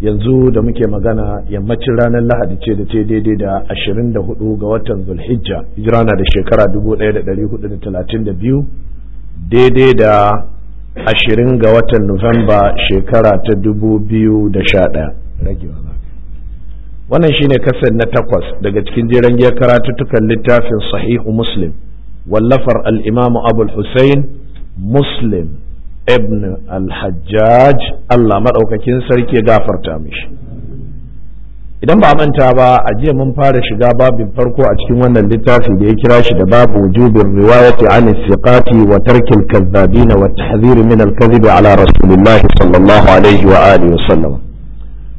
yanzu da muke magana yammacin ranar lahadi ce da ce daidai da 24 ga watan zulhijja hijira na da shekara 1432 daidai da ashirin ga watan nuwamba shekara ta 2011 wannan shine kasar na takwas daga cikin jiran giyar karatuttukan littafin sahihu muslim wallafar al'imamu abul hussein muslim ibn al-hajjaj Allah maɗaukakin sarki ya gafarta mishi idan ba manta ba a jiya mun fara shiga babin farko a cikin wannan littafi da ya kira shi da babu wujubin riwayati an siqati wa tarkil kadhabina wa tahdhir min al-kadhib ala rasulillah sallallahu alaihi wa alihi wa sallam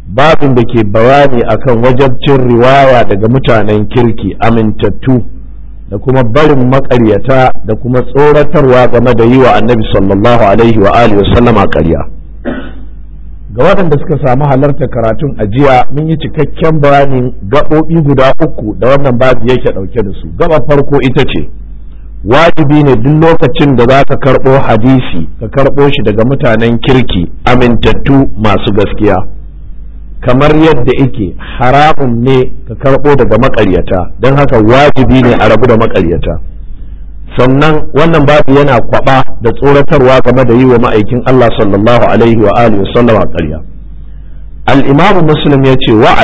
babin da ke bayani akan wajabcin riwaya daga mutanen kirki amintattu da kuma barin makaryata da kuma tsoratarwa game da yi wa annabi sallallahu alaihi wa alihi sallama ƙarya ga waɗanda suka samu halarta karatun ajiya mun yi cikakken bayanin gaɓoɓi guda uku da wannan babu yake ɗauke da su gaba farko ita ce wajibi ne duk lokacin da za ka karɓo hadisi ka karɓo shi daga mutanen kirki amintattu masu gaskiya kamar yadda yake haramun ne ka karɓo daga maƙaryata don haka wajibi ne a rabu da maƙaryata sannan wannan babu yana kwaba da tsoratarwa game da yi wa ma'aikin Allah sallallahu alaihi wa alihi sallama ƙarya al-imam muslim ya ce wa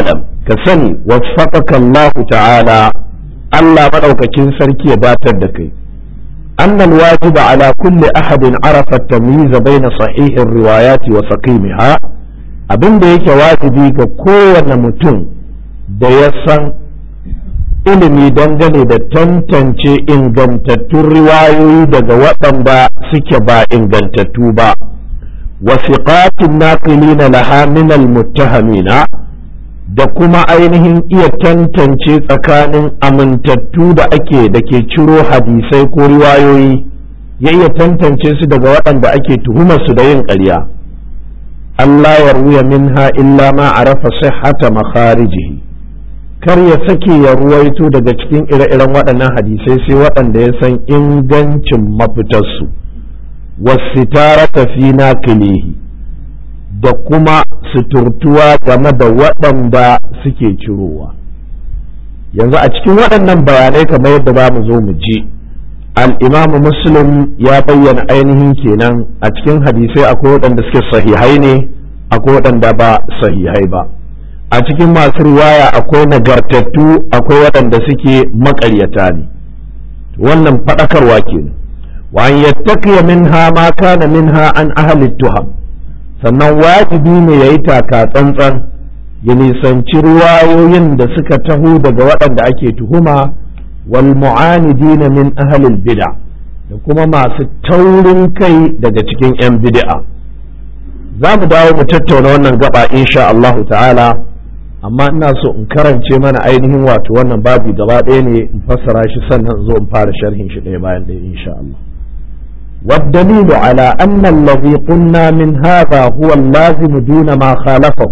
ka sani waffaqaka Allah ta'ala Allah madaukakin sarki ya batar da kai ala kulli ahadin كل أحد عرف التمييز بين riwayati الروايات وسقيمها abin da yake wajibi ga kowane mutum da ya san ilimi dangane da tantance ingantattun riwayoyi daga waɗanda suke ba ingantattu ba wasiƙatun naƙilina laha minal muttahamina da kuma ainihin iya tantance tsakanin amintattu da ake da ke ciro hadisai ko riwayoyi ya iya tantance su daga waɗanda ake tuhumar su da yin ƙarya an la yarwiya minha illa ma a arafa sihhata makharijihi kar ya sake ya ruwaito daga cikin ire-iren waɗannan hadisai sai waɗanda ya san ingancin mafitarsu wasitara tafi na kilihi da kuma suturtuwa game da waɗanda suke cirowa yanzu a cikin waɗannan bayanai kamar yadda ba mu zo mu je. al'imamu muslim ya bayyana ainihin kenan a cikin hadisai akwai waɗanda suke sahihai ne akwai waɗanda ba sahihai ba a cikin masu ruwaya akwai nagartattu akwai waɗanda suke maƙaryata ne wannan faɗakarwa ke wa an yattaqiya minha ma kana minha an ahli tuham sannan wajibi ne yayi taka tsantsan ya nisanci ruwayoyin da suka taho daga waɗanda ake tuhuma wal mu'anidina min ahlil bid'a da kuma masu taurin kai daga cikin 'yan bid'a za mu dawo mu tattauna wannan gaba insha Allahu ta'ala amma ina so in karance mana ainihin wato wannan babu gaba ɗaya ne in fassara shi sannan zo in fara sharhin shi ɗaya bayan ɗaya insha Allah والدليل على أن الذي قلنا من هذا هو اللازم دون ما خالفه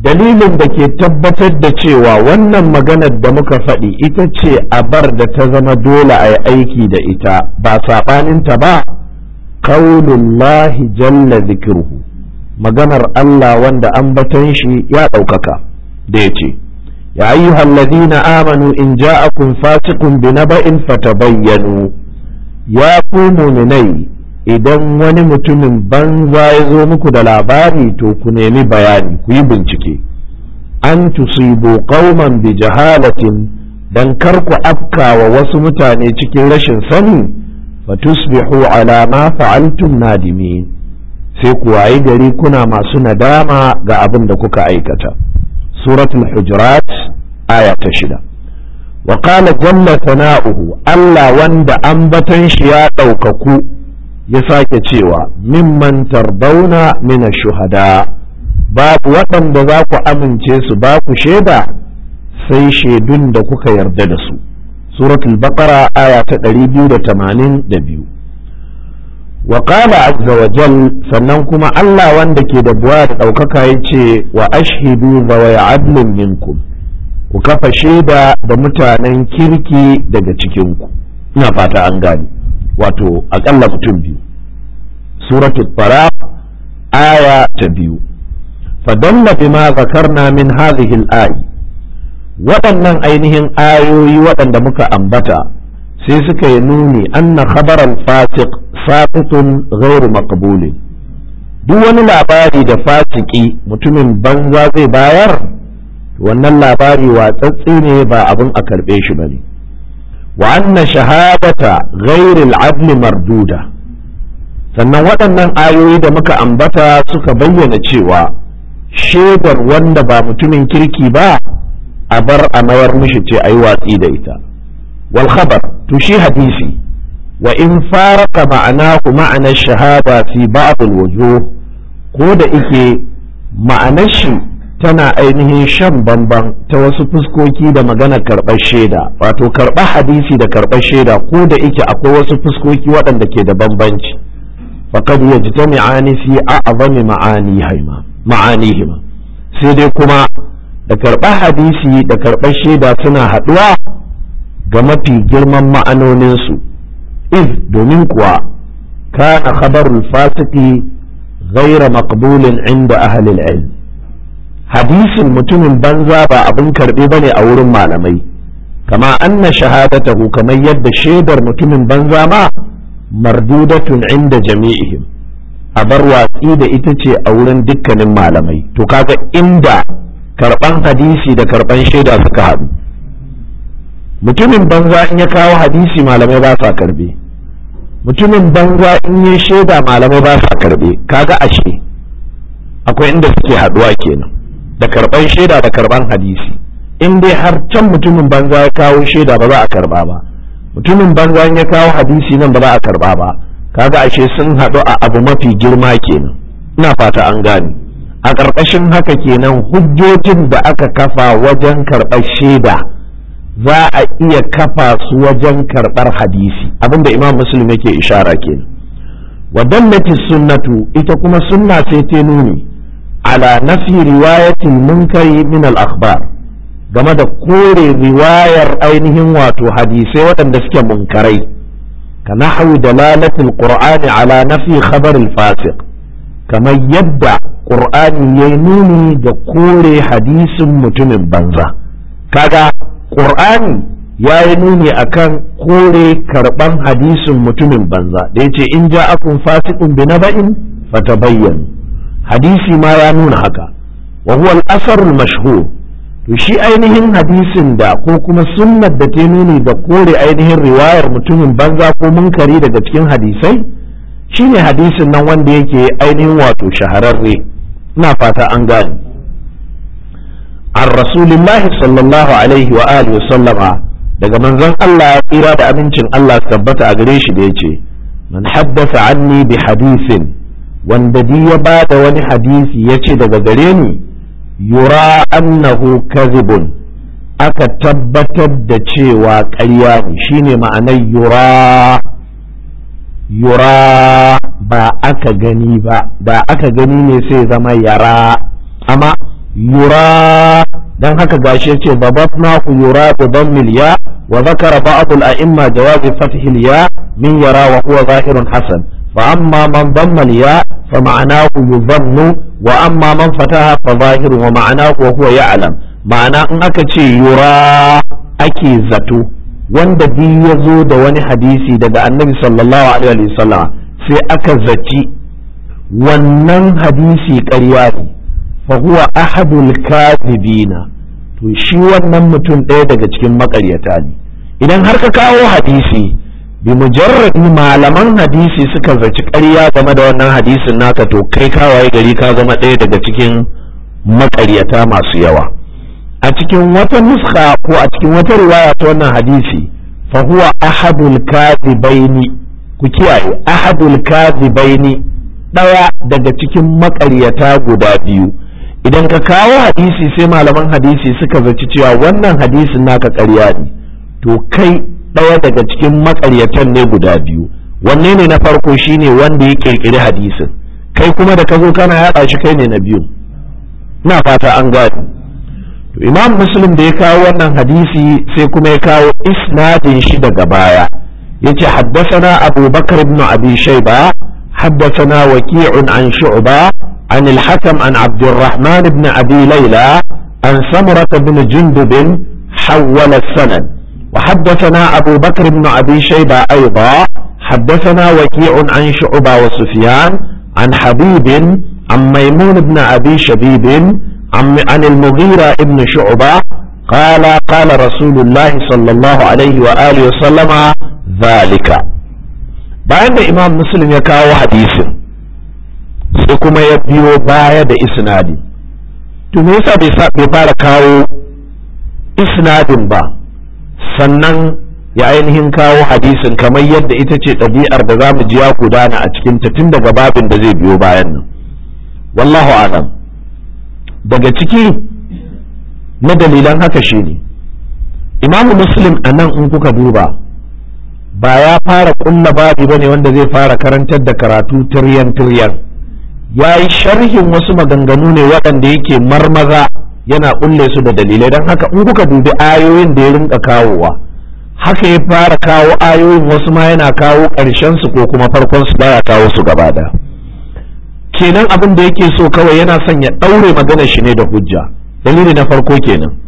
dalilin da ke tabbatar da cewa wannan maganar da muka faɗi ita ce a bar da ta zama dole a yi aiki da ita ba saɓaninta ba lahi jalla zikirhu maganar Allah wanda an batan shi ya ɗaukaka da ya ce ya ayyuhan ladina amanu in ja a ja'akum fasikun bi naba'in fatabayyanu ya ku muminai idan wani mutumin banza ya zo muku da labari to ku nemi bayani ku yi bincike an tusibu qauman bi jahalatin dan kar ku afkawa wasu mutane cikin rashin sani fa tusbihu ala ma fa'altum nadimin sai ku wayi gari kuna masu nadama ga abin da kuka aikata suratul hujurat aya ta shida wa qala jalla sana'uhu Allah wanda ambatan shi ya ɗaukaku ya sake cewa mimman tarbauna mina shuhada babu waɗanda za ku amince su ba ku shaida sai shaidun da kuka yarda da su suratul baqara aya ta 282 wa qala azza wa jal sannan kuma Allah wanda ke da buwa da ɗaukaka yace wa ashhidu wa adlin minkum ku kafa shaida da mutanen kirki daga cikinku ina fata an gane wato akalla mutum biyu suratul fara aya ta biyu fadalla bima na min hadhihi al-ayi waɗannan ainihin ayoyi waɗanda muka ambata sai suka yi nuni anna khabaran fasiq saqitun ghairu maqbulin duk wani labari da fasiki mutumin banza zai bayar wannan labari watsatsi ne ba abin a karɓe shi ba ne wa anna shahadata ghairil adli marduda sannan waɗannan ayoyi da muka ambata suka bayyana cewa shaidar wanda ba mutumin kirki ba a bar a mayar mishi ce a yi watsi da ita wal khabar to shi hadisi wa in faraka ku ma'anar shahada fi ba'd wujuh ko da ike ma'anar shi tana ainihin shan bamban ta wasu fuskoki da magana karɓar shaida wato karɓar hadisi da karɓar shaida ko da ike akwai wasu fuskoki waɗanda ke da bambanci faqad yajtami'ani fi a'zami ma'anihima sai dai kuma da karɓar hadisi da karɓar shaida suna haɗuwa ga mafi girman ma'anoninsu if domin kuwa kana khabarul fasiki ghaira maqbulin inda ahlil ilm hadisin mutumin banza ba abin karɓe bane a wurin malamai kama anna shahadatahu kamar yadda shaidar mutumin banza ma mardudatun inda jami'ihim a bar watsi da ita ce a wurin dukkanin malamai to kaga inda karban hadisi da karban shaida suka haɗu mutumin banza in ya kawo hadisi malamai ba sa karbe mutumin banza in ya shaida malamai ba sa karbe kaga ashe akwai inda suke haɗuwa kenan da karban shaida da karban hadisi in dai har can mutumin banza ya kawo shaida ba za a karba ba mutumin banza ya kawo hadisi nan ba za a karba ba kaga ashe sun haɗu a abu mafi girma kenan ina fata an gane a ƙarƙashin haka kenan hujjojin da aka kafa wajen karɓar shaida za a iya kafa su wajen karɓar hadisi abinda imam muslim yake ishara kenan wa dallati sunnatu ita kuma sunna sai ta nuni ala nafi riwayatil munkari min al akhbar game da kore riwayar ainihin wato hadisai waɗanda suke munkarai ka da dalalatul qur'ani ala nafi khabaril fasiq kamar yadda qur'ani ya nuni da kore hadisin mutumin banza kaga qur'ani ya yi nuni akan kore karban hadisin mutumin banza da yace in bina fasiqun bi naba'in fatabayyanu hadisi ma ya nuna haka wa huwa al-asr al-mashhur to shi ainihin hadisin da ko kuma sunnar da ta nuni da kore ainihin riwayar mutumin banza ko munkari daga cikin hadisai shine hadisin nan wanda yake ainihin wato shahararre ina fata an gane an rasulillahi sallallahu alaihi wa alihi sallama daga manzon Allah ya tsira da amincin Allah su tabbata a gare shi da yace man haddasa anni bi hadisin wanda di ya bada wani hadisi yace daga gare ni yura annahu kazibun aka tabbatar da cewa ƙarya shine ma'anar yura yura ba aka gani ba da aka gani ne sai zama yara amma yura dan haka gashi yace babatna ku yura bi dammil ya wa dhakara ba'd a'imma jawazi fathil ya min yara wa huwa zahirun hasan فأما من ضم الياء فمعناه يظن وأما من فتحها فظاهر ومعناه وهو يعلم معنى أنك يرى أكي زتو wanda duk ya zo da wani hadisi daga annabi sallallahu alaihi wasallam sai aka zaci wannan hadisi ƙarya ne fa huwa ahadul kadhibina to shi wannan mutum ɗaya daga cikin maƙaryata ne idan har ka kawo hadisi bi mujarrad malaman hadisi suka zaci ƙarya game da wannan hadisin naka to kai ka waye gari ka zama ɗaya daga cikin maƙaryata masu yawa a cikin wata nuska ko a cikin wata riwaya ta wannan hadisi fa huwa ahadul kadhibaini ku kiyaye ahadul kadhibaini ɗaya daga cikin maƙaryata guda biyu idan ka kawo hadisi sai malaman hadisi suka zaci cewa wannan hadisin naka ƙarya ne to kai ɗaya daga cikin makaryatan ne guda biyu wanne ne na farko shine wanda ya kirkiri hadisin kai kuma da ka zo kana yaɗa shi kai ne na biyu na fata an gani to imam muslim da ya kawo wannan hadisi sai kuma ya kawo isnadin shi daga baya yace haddathana abu bakr ibn abi shayba haddathana waqi'un an shu'ba عن الحكم عن عبد الرحمن بن أبي ليلى عن سمرة بن جندب حول السند وحدثنا أبو بكر بن أبي شيبة أيضا حدثنا وكيع عن شعبة وسفيان عن حبيب عن ميمون بن أبي شبيب عن, عن المغيرة بن شعبة قال قال رسول الله صلى الله عليه وآله وسلم ذلك بعد إمام مسلم يكاو حديث سكما يبيو باية بإسنادي تميسا بفارة كاو إسناد با sannan ya ainihin kawo hadisin kamar yadda ita ce ɗabi'ar da za mu ji ya gudana a cikin ta tun daga babin da zai biyo bayan nan wallahu alam daga ciki na dalilan haka shi ne. imamu muslim a nan in kuka duba ba ya fara kulla babi ne wanda zai fara karantar da karatu tiryan tiryan ya yi sharhin wasu maganganu ne waɗanda yake marmaza yana kulle su da dalilai don haka in kuka dubi ayoyin da ya rinka kawowa haka ya fara kawo ayoyin wasu ma yana kawo ƙarshen su ko kuma farkon su baya kawo su gaba da kenan abin da yake so kawai yana son ya ɗaure maganar shi ne da hujja dalili na farko kenan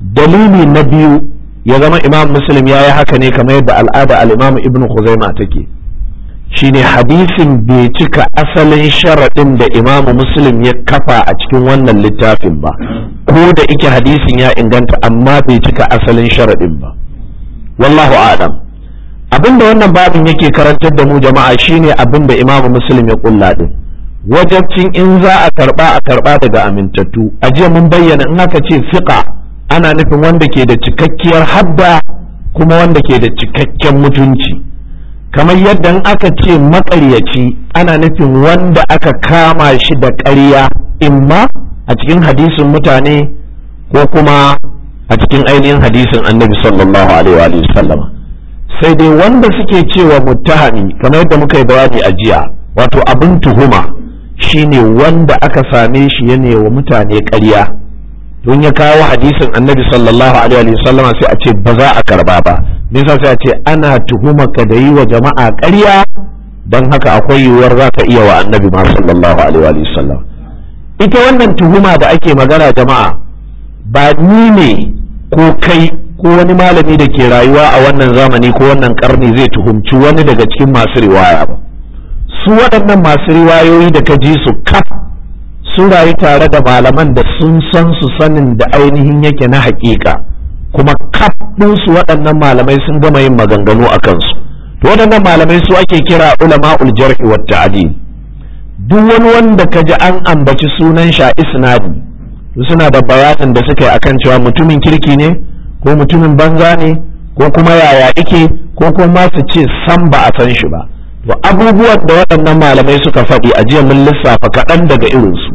dalili na biyu ya zama imam muslim ya yi haka ne kamar yadda al'ada al'imam ibn khuzaima take shine hadisin bai cika asalin sharaɗin da imamu muslim ya kafa a cikin wannan littafin ba ko da ike hadisin ya inganta amma bai cika asalin sharaɗin ba wallahu adam abinda wannan babin yake karantar da mu jama'a shine abinda imamu muslim ya kulla din wajabcin in za a karba a karɓa daga amintattu a jiya mun bayyana in aka ce fiqa ana nufin wanda ke da cikakkiyar hadda kuma wanda ke da cikakken mutunci kamar yadda aka ce maƙaryaci ana nufin wanda aka kama shi da ƙarya imma a cikin hadisin mutane ko kuma a cikin ainihin hadisin annabi sallallahu alaihi wa sallama sai dai wanda suke cewa muttahami kamar yadda muka yi bayani a jiya wato abin tuhuma shine wanda aka same shi ya wa mutane ƙarya don ya kawo hadisin annabi sallallahu alaihi wa sallama sai a ce ba za a karba ba me sai ce ana tuhuma ka da yi wa jama'a ƙarya don haka akwai yiwuwar za ka iya wa annabi ma sallallahu alaihi wa sallam ita wannan tuhuma da ake magana jama'a ba ni ne ko kai ko wani malami da ke rayuwa a wannan zamani ko wannan karni zai tuhumci wani daga cikin masu riwaya ba su waɗannan masu riwayoyi da ka ji su kaf sun rayu tare da malaman da sun san su sanin da ainihin yake na haƙiƙa kuma kaf waɗannan malamai sun gama yin maganganu a kansu to waɗannan malamai su ake kira ulama uljarhi wa ta'dil duk wani wanda ka ji an ambaci sunan sha isnadi suna da bayanan da suka yi akan cewa mutumin kirki ne ko mutumin banza ne ko kuma yaya ike, ko kuma su ce san ba a san shi ba to abubuwan da waɗannan malamai suka faɗi a jiya mun lissafa kaɗan daga irinsu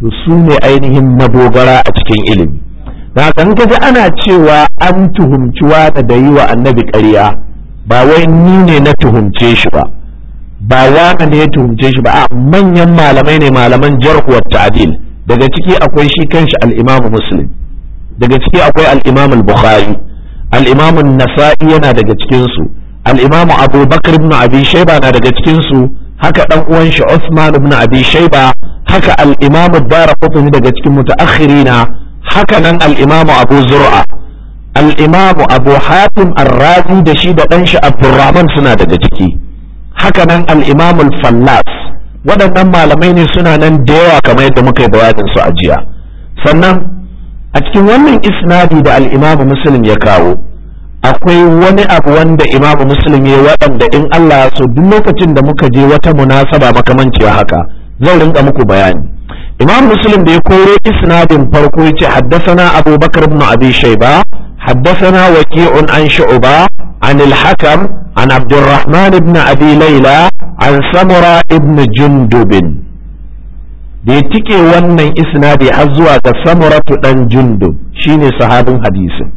to su ne ainihin madogara a cikin ilimi ba kan kaji ana cewa an tuhumci wani da yi wa annabi ƙarya ba wai ni ne na tuhumce shi ba ba wani ne ya tuhumce shi ba a manyan malamai ne malaman jarhu wa daga ciki akwai shi kanshi al Muslim daga ciki akwai al bukhari al nasai yana daga cikinsu. su Abubakar ibn Abi na daga cikinsu. haka dan uwan shi Uthman ibn Abi haka al-Imam ad daga cikin mutaakhirina hakanan al'imamu abu zur'a al'imamu abu hatim arrazi da shi da ɗanshi abdurrahman suna daga ciki hakanan al'imamu fallas waɗannan malamai ne suna nan da yawa kamar yadda muka yi bayanin su a jiya sannan a cikin wannan isnadi da al'imamu musulun ya kawo akwai wani abu wanda imamu musulun ya waɗanda in Allah so duk lokacin da muka je wata munasaba makamanciya haka zan rinka muku bayani imam muslim da ya koro isnadin farko ya ce haddasana abubakar ibn abi shayba haddasana waki'un an shu'ba an al-hakam an abdurrahman ibn abi layla an samura ibn jundubin da ya tike wannan isnadi har zuwa ga samuratu dan jundub shine sahabin hadisin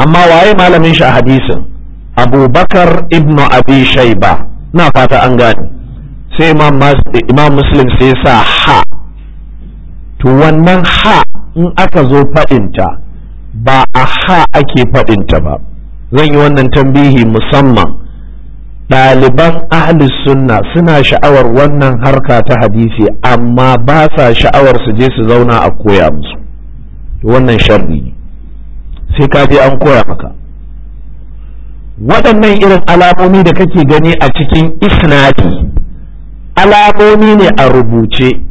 amma waye malamin shi a hadisin abubakar ibn abi shayba na fata an gane sai imam muslim sai sa ha to wannan ha in aka zo faɗinta ba a ha ake faɗinta ba zan yi wannan tambihi musamman ɗaliban ahlis sunna suna sha'awar wannan harka ta hadisi amma ba sa sha'awar su je su zauna a koya musu wannan sharri ne sai ka je an koya maka waɗannan irin alamomi da kake gani a cikin isnadi alamomi ne a rubuce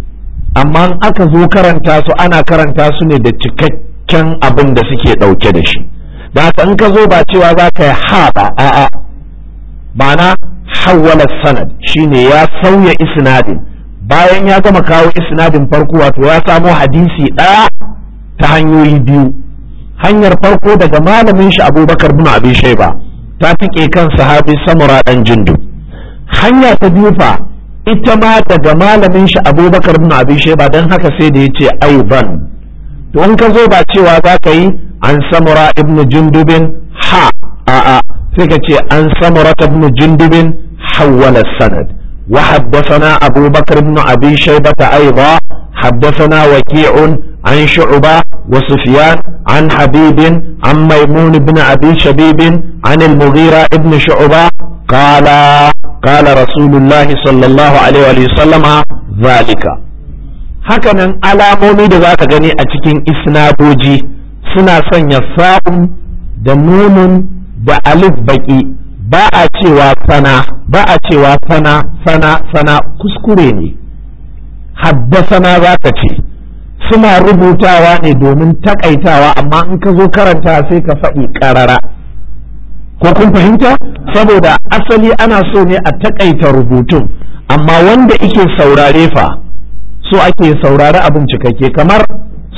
amma aka zo karanta su ana karanta su ne da cikakken abin da suke ɗauke da shi da haka in ka zo ba cewa za ka yi ha ba a'a ma'ana hawala sanad shine ya sauya isnadin bayan ya gama kawo isnadin farko wato ya samo hadisi ɗaya ta hanyoyi biyu hanyar farko daga malamin shi abubakar bin abin shaiba ta fiƙe kan sahabi samura ɗan jindu hanya ta biyu fa ita ma daga malamin shi abubakar bin abi sheba don haka sai da ya ce aiban to in ka zo ba cewa za ka yi an samura Ibn jundubin ha a'a sai ka ce an samura ibnu jundubin hawwala sanad wa haddathana abubakar ibn abi shayba aiba haddathana waki'un an shu'ba wa sufyan an habibin an maimun ibn abi shabibin an al-mughira ibn shu'ba qala الله rasulullahi sallallahu alaihi wa sallama ذلك hakanan alamomi da za ka gani a cikin isnadoji suna sanya sa'un da nunun da alif baki ba a cewa sana ba a cewa sana sana sana kuskure ne sana za ka ce suna rubutawa ne domin takaitawa amma in ka zo karanta sai ka faɗi ƙarara ko kun fahimta saboda asali ana so ne a takaita rubutun amma wanda ike saurare fa so ake saurari abin cikakke kamar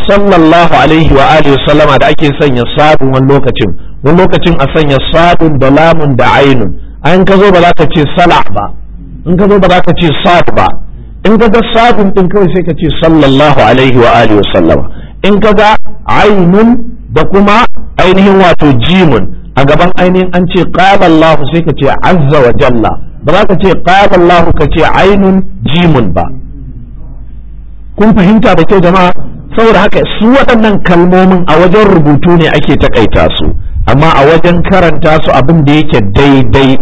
sallallahu alaihi wa alihi sallama da ake sanya sabon wani lokacin wani lokacin a sanya sabon da lamun da ainun an ka zo ba za ka ce sala ba in ka zo ba za ka ce sab ba in ka ga sabon din kawai sai ka ce sallallahu alaihi wa alihi sallama in ka ga ainun da kuma ainihin wato jimun a gaban ainihin an ce qala Allah sai ka ce azza wa jalla ba za ka ce qala Allah ka ce ainun jimun ba kun fahimta da kyau jama'a saboda haka su waɗannan kalmomin a wajen rubutu ne ake takaita su amma a wajen karanta su abin da yake daidai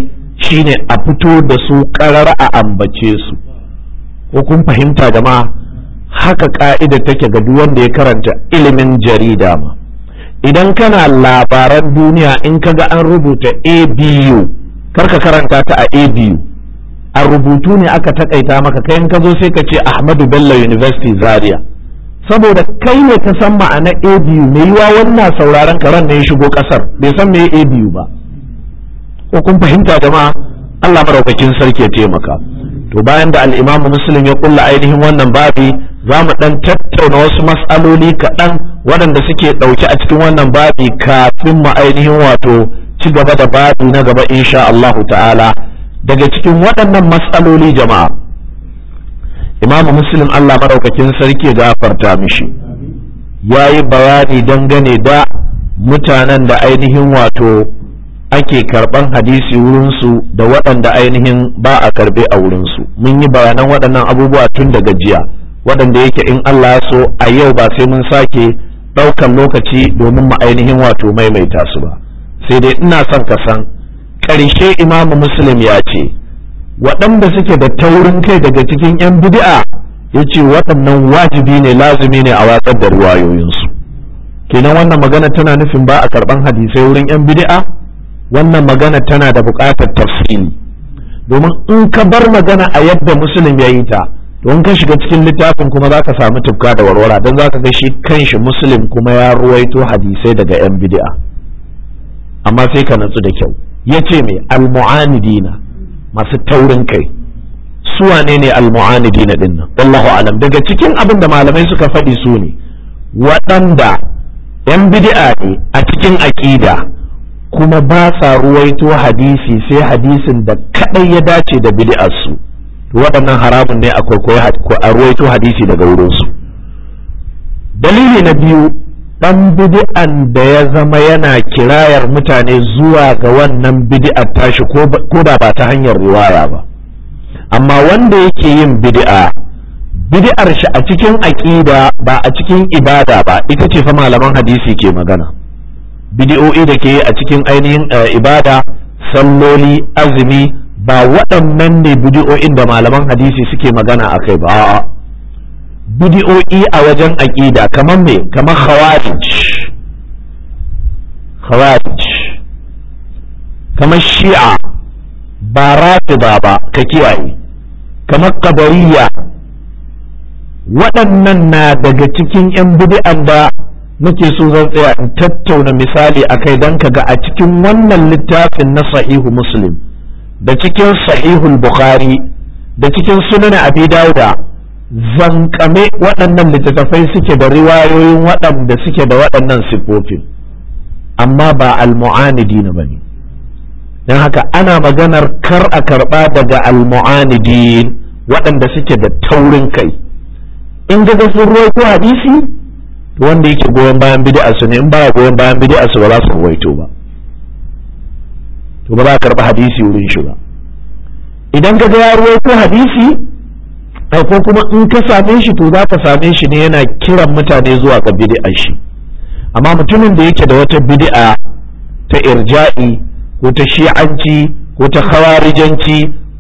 shine a fito da su ƙarar a ambace su ko kun fahimta jama'a haka ka'ida take ga duk wanda ya karanta ilimin jarida ma idan kana labaran duniya in kaga an rubuta abu karka karanta ta a abu a rubutu ne aka takaita maka kai in ka zo sai ka ce ahmadu bello university zaria saboda kai ne ka san ma'ana abu mai yiwa wannan sauraron karan ne ya shigo kasar bai san me abu ba ko kun fahimta jama'a Allah maraukakin sarki ya taimaka to bayan da al-Imam Muslim ya kulla ainihin wannan babi za mu ɗan tattauna wasu mas'aloli kaɗan waɗanda suke ɗauke a cikin wannan babi kafin mu ainihin wato ci gaba da babi na gaba insha Allahu ta'ala daga cikin waɗannan mas'aloli jama'a imamu muslim Allah maɗaukakin sarki gafarta mishi ya yi bayani dangane da mutanen da ainihin wato ake karɓan hadisi wurinsu da waɗanda ainihin ba a karɓe a wurinsu mun yi bayanan waɗannan abubuwa tun daga jiya waɗanda yake in Allah ya so a yau ba sai mun sake ɗaukan lokaci domin mu ainihin wato maimaita su ba sai dai ina son ka san ƙarshe imamu muslim ya ce waɗanda suke da taurin kai daga cikin 'yan bid'a ya ce waɗannan wajibi ne lazumi ne a watsar da ruwayoyinsu kenan wannan magana tana nufin ba a karɓan hadisai wurin 'yan bid'a wannan magana tana da buƙatar tafsiri domin in ka bar magana a yadda muslim ya yi ta don ka shiga cikin littafin kuma za ka samu tufka da warwara don za ka ga shi kanshi musulun kuma ya ruwaito hadisai daga 'yan bid'a amma sai ka natsu da kyau ya ce mai almu'anidina masu taurin kai su wane ne almu'anidina din nan wallahu alam daga cikin abin da malamai suka faɗi su ne waɗanda 'yan bid'a ne a cikin aƙida kuma ba sa ruwaito hadisi sai hadisin da kaɗai ya dace da su. waɗannan haramun ne a kwaikwayo hadisi daga wurinsu dalili na biyu ɗan bidi'an da ya zama yana kirayar mutane zuwa ga wannan bidi'ar tashi ko da ba ta hanyar riwaya ba amma wanda yake yin bidi'a bidi'ar shi a cikin aƙida ba a cikin ibada ba ita ce fa malaman hadisi ke magana bidi'o'i da ke a cikin ainihin eh, ibada salloli azumi ba waɗannan ne bidi'o'in da malaman hadisi suke magana a kai ba bidi'o'i a wajen aƙida kamar me kamar khawarij khawarij kamar shi'a ba rafida ba ka kiyaye kamar kabariya waɗannan na daga cikin 'yan bidi'an da muke so zan tsaya in tattauna misali a kai don kaga a cikin wannan littafin na sahihu muslim da cikin sahihul bukhari da cikin sunan abi dauda zankame waɗannan littattafai suke da riwayoyin waɗanda suke da waɗannan siffofin amma ba al-mu'anidi ne bane don haka ana maganar kar a karɓa daga al-mu'anidi waɗanda suke da taurin kai in ga sun ko hadisi wanda yake goyon bayan bid'a su ne in ba goyon bayan bid'a su ba za su ruwaito ba to ba za ka karɓi hadisi wurin shi ba idan ka ga yaro ruwaito hadisi ko kuma in ka same shi to za ka same shi ne yana kiran mutane zuwa ga bid'a shi amma mutumin da yake da wata bid'a ta irja'i ko ta shi'anci ko ta khawarijanci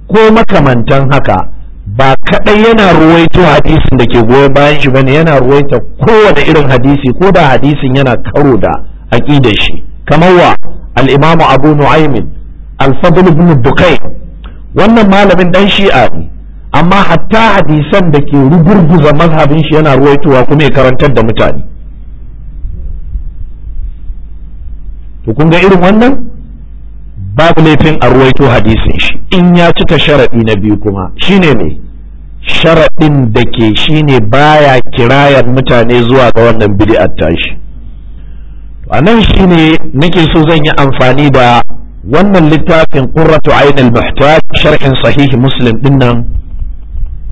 ko makamantan haka ba kadai yana ruwaito hadisin da ke goyon bayan shi bane yana ruwaita kowane irin hadisi ko da hadisin yana karo da aqidar shi kamar wa al-imamu abu nu'aymin al ibn wannan malamin dan shi'a ne amma hatta hadisan da ke rugurguza mazhabin shi yana ruwaitowa kuma ya karantar da mutane to kun ga irin wannan babu laifin a ruwaito hadisin shi in ya cika sharaɗi na biyu kuma shine ne sharaɗin da ke shine baya kirayar mutane zuwa ga wannan bid'ar tashi a nan shine nake so zan yi amfani da wannan littafin qurratu ainul muhtaj sharhin sahih muslim din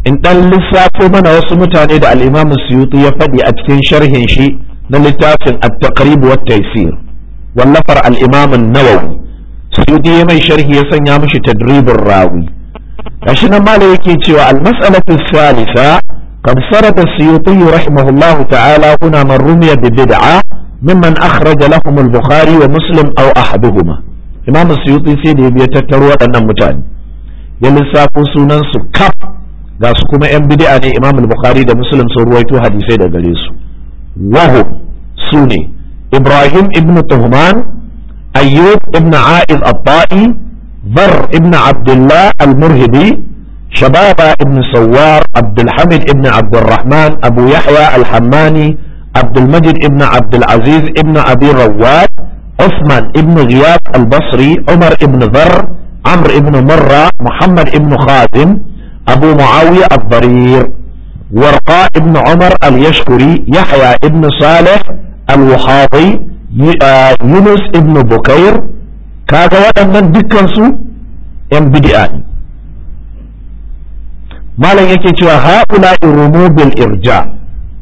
in dan lissafo mana wasu mutane da al-imam suyuti ya faɗi a cikin sharhin shi na littafin at-taqrib wa at-taysir wallafar al-imam an-nawawi suyuti ya mai sharhi ya sanya mishi tadribur rawi gashi nan malai yake cewa al-mas'alatu thalitha قد فرد السيوطي رحمه الله تعالى هنا من رمي ببدعه mimman akhraja lahum al-bukhari wa muslim aw ahaduhuma imam suyuti sai da ya tattaro waɗannan mutane ya lissafo sunan su kaf ga su kuma yan bid'a ne imam al da muslim sun ruwatu hadisai da gare su wahu su ne ibrahim ibnu tuhman ayub ibn a'id at-ta'i bar ibn abdullah almurhidi murhidi شبابة ابن سوار عبد الحميد ابن عبد الرحمن أبو عبد المجيد ابن عبد العزيز ابن أبي رواد عثمان ابن غياث البصري عمر ابن ذر عمرو ابن مرة محمد ابن خازم أبو معاوية الضرير ورقاء ابن عمر اليشكري يحيى ابن صالح الوحاضي آه، يونس ابن بكير كاغا من dukkansu yan bid'a ne malam yake cewa haula irumu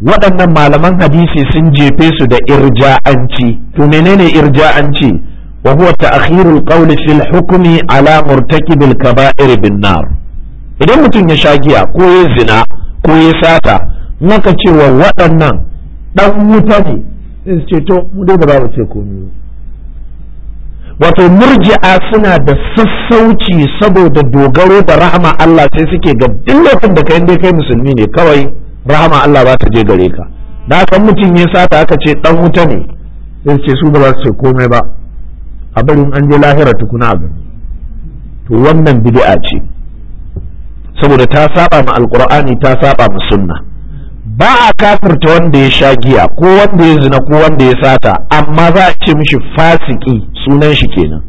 waɗannan malaman hadisi sun jefe su da irja'anci to menene irja'anci wa huwa ta'khirul qawli fil hukmi ala murtakibil kaba'ir bin nar idan mutum ya sha giya ko ya zina ko ya sata maka cewa waɗannan dan wuta ne sai ce to mu dai ba mu ce komai wato murji'a suna da sassauci saboda dogaro da rahama Allah sai suke ga duk da kai dai kai musulmi ne kawai rahama Allah ba ta je gare ka na san mutum ya sata aka ce dan wuta ne sai ce su ba za su ce komai ba a barin an je lahira tukuna a gani to wannan bid'a ce saboda ta saba ma alqur'ani ta saba ma sunna ba a kafirta wanda ya sha giya ko wanda ya zina ko wanda ya sata amma za a ce mishi fasiki sunan shi kenan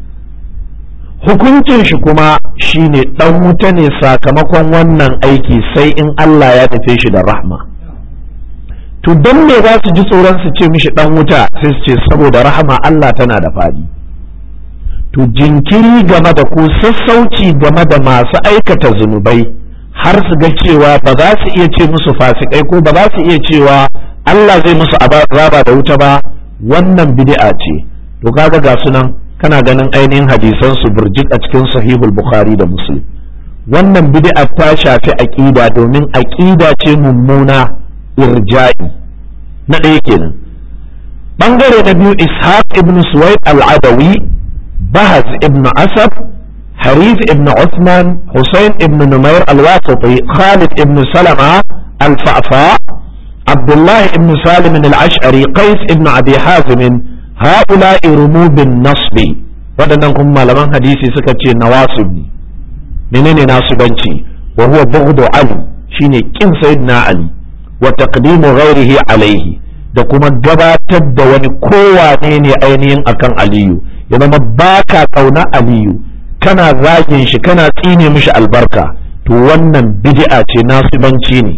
hukuncin shi kuma shine dan wuta ne sakamakon wannan aiki sai in Allah ya tafe shi da rahma to dan me za su ji tsoron su ce mishi dan wuta sai su ce saboda rahma Allah tana da fadi to jinkiri game da ko sassauci game da masu aikata zunubai har su ga cewa ba za su iya ce musu fasikai ko ba za su iya cewa Allah zai musu azaba da wuta ba wannan bid'a ce to kaga ga sunan kana ganin ainihin hadisan su burjik a cikin sahihul bukhari da muslim wannan bid'a ta shafi aqida domin aqida ce mummuna irja'i na ɗaya kenan bangare na biyu ishaq ibn suwaid al-adawi bahas ibn asad حريث ابن عثمان حسين ابن نمير الواسطي خالد ابن سلمة الفعفاء عبد الله ابن سالم العشعري قيس ابن أبي حازم haula irumubin nasbi waɗannan kuma malaman hadisi suka ce nawasibi menene nasubanci wa huwa bughdu ali shine kin sayyidina ali wa taqdimu ghairihi alayhi da kuma gabatar da wani kowane ne ainihin akan aliyu ya zama baka kauna aliyu kana zagin shi kana tsine mishi albarka to wannan bid'a ce nasibanci ne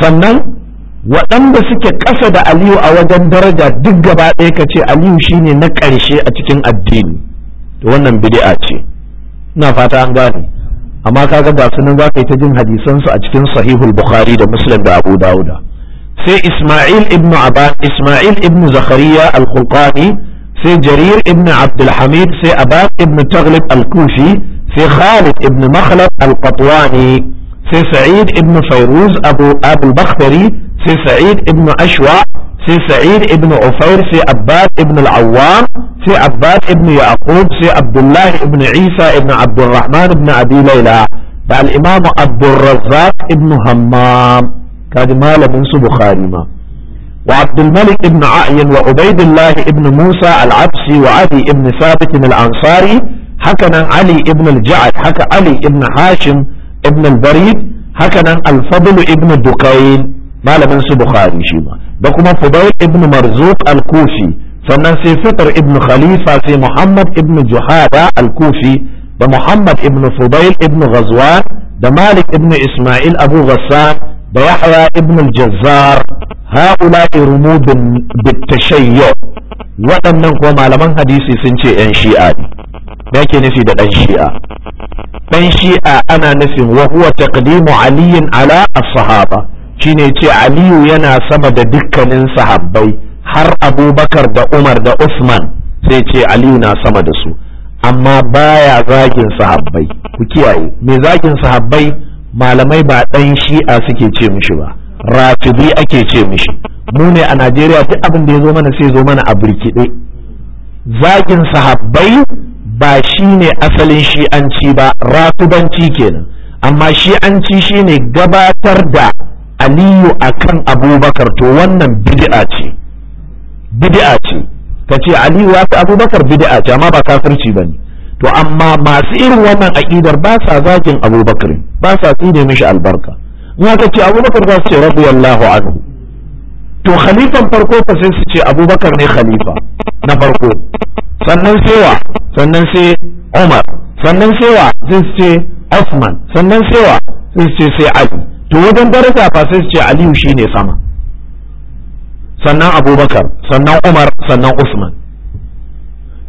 sannan waɗanda suke ƙasa da aliyu a wajen daraja duk gaba ɗaya ka ce aliyu shine na ƙarshe a cikin addini to wannan bid'a ce ina fata an gane amma kaga ga sunan za ka yi ta jin hadisansa a cikin sahihul bukhari da muslim da abu dawuda sai isma'il ibnu aban isma'il ibnu zakariya al sai jarir ibnu abdulhamid sai aban ibnu taghlib al-kufi sai khalid ibnu makhlab al-qatwani سي سعيد ابن فيروز أبو, أبو البختري سي سعيد ابن أشوع سي سعيد ابن عفير سي عباس ابن العوام سي عباس ابن يعقوب سي عبد الله ابن عيسى ابن عبد الرحمن ابن أبي ليلى الإمام عبد الرزاق ابن همام كان مال منسو بخاري ما وعبد الملك ابن عين وعبيد الله ابن موسى العبسي وعلي ابن ثابت الأنصاري حكنا علي ابن الجعد حكى علي ابن هاشم ibn hakanan barid ibnu nan al-fadl ibn malamin su bukhari da kuma fudail ibnu marzuq al-kufi sannan sai ibnu ibn khalifa sai muhammad ibnu juhada al-kufi da muhammad ibnu fudail ibn ghazwan da malik ibnu isma'il abu ghassan da yahya ibn al-jazzar ha'ula'i rumudun bitashayyu waɗannan kuma malaman hadisi sun ce 'yan shi'a ne da yake nufi da dan shi'a dan shi'a ana nufin wa huwa aliyun ala asahaba shine ce aliyu yana sama da dukkanin sahabbai har abubakar da umar da usman sai ce aliyu na sama da su amma baya zagin sahabbai ku kiyaye me zagin sahabbai malamai ba dan shi'a suke ce mishi ba rafidi ake ce mishi mu ne a najeriya duk abin da ya zo mana sai zo mana a birkiɗe zagin sahabbai ba shi ne asalin shi'anci ba rakubanci kenan amma shi'anci shi ne gabatar da aliyu akan abubakar to wannan bid'a ce bid'a ce ka ce aliyu ya fi abubakar bid'a ce amma ba kafirci ba ne to amma masu irin wannan aƙidar ba sa zakin abubakar ba sa tsine mishi albarka in aka ce abubakar za su ce radiyallahu anhu to khalifan farko fa sai su ce abubakar ne khalifa na farko sannan sewa sannan sai Umar sannan sewa sai su ce Osman sannan sewa sai su ce sai Ali to wajen daraja fa sai su ce Aliyu shine sama sannan Abubakar sannan Umar sannan Usman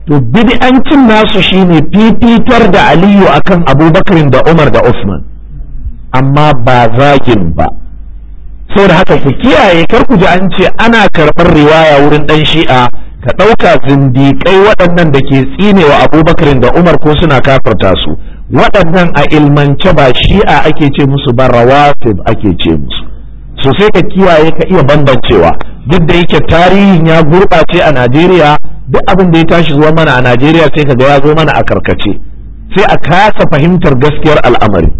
to bid'ancin nasu shine fifitar da Aliyu akan Abubakar da Umar da Usman amma ba zagin ba saboda haka ku kiyaye kar ku ji an ce ana karɓar riwaya wurin ɗan shi'a ka ɗauka zindiƙai waɗannan da ke tsinewa abubakarin da umar ko suna kafarta su waɗannan a ilmance ba shi'a ake ce musu ba rawatib ake ce musu so sai ka kiyaye ka iya bambancewa duk da yake tarihin ya gurɓace a najeriya duk abin da ya tashi zuwa mana a najeriya sai ka ga ya zo mana a karkace sai a kasa fahimtar gaskiyar al'amari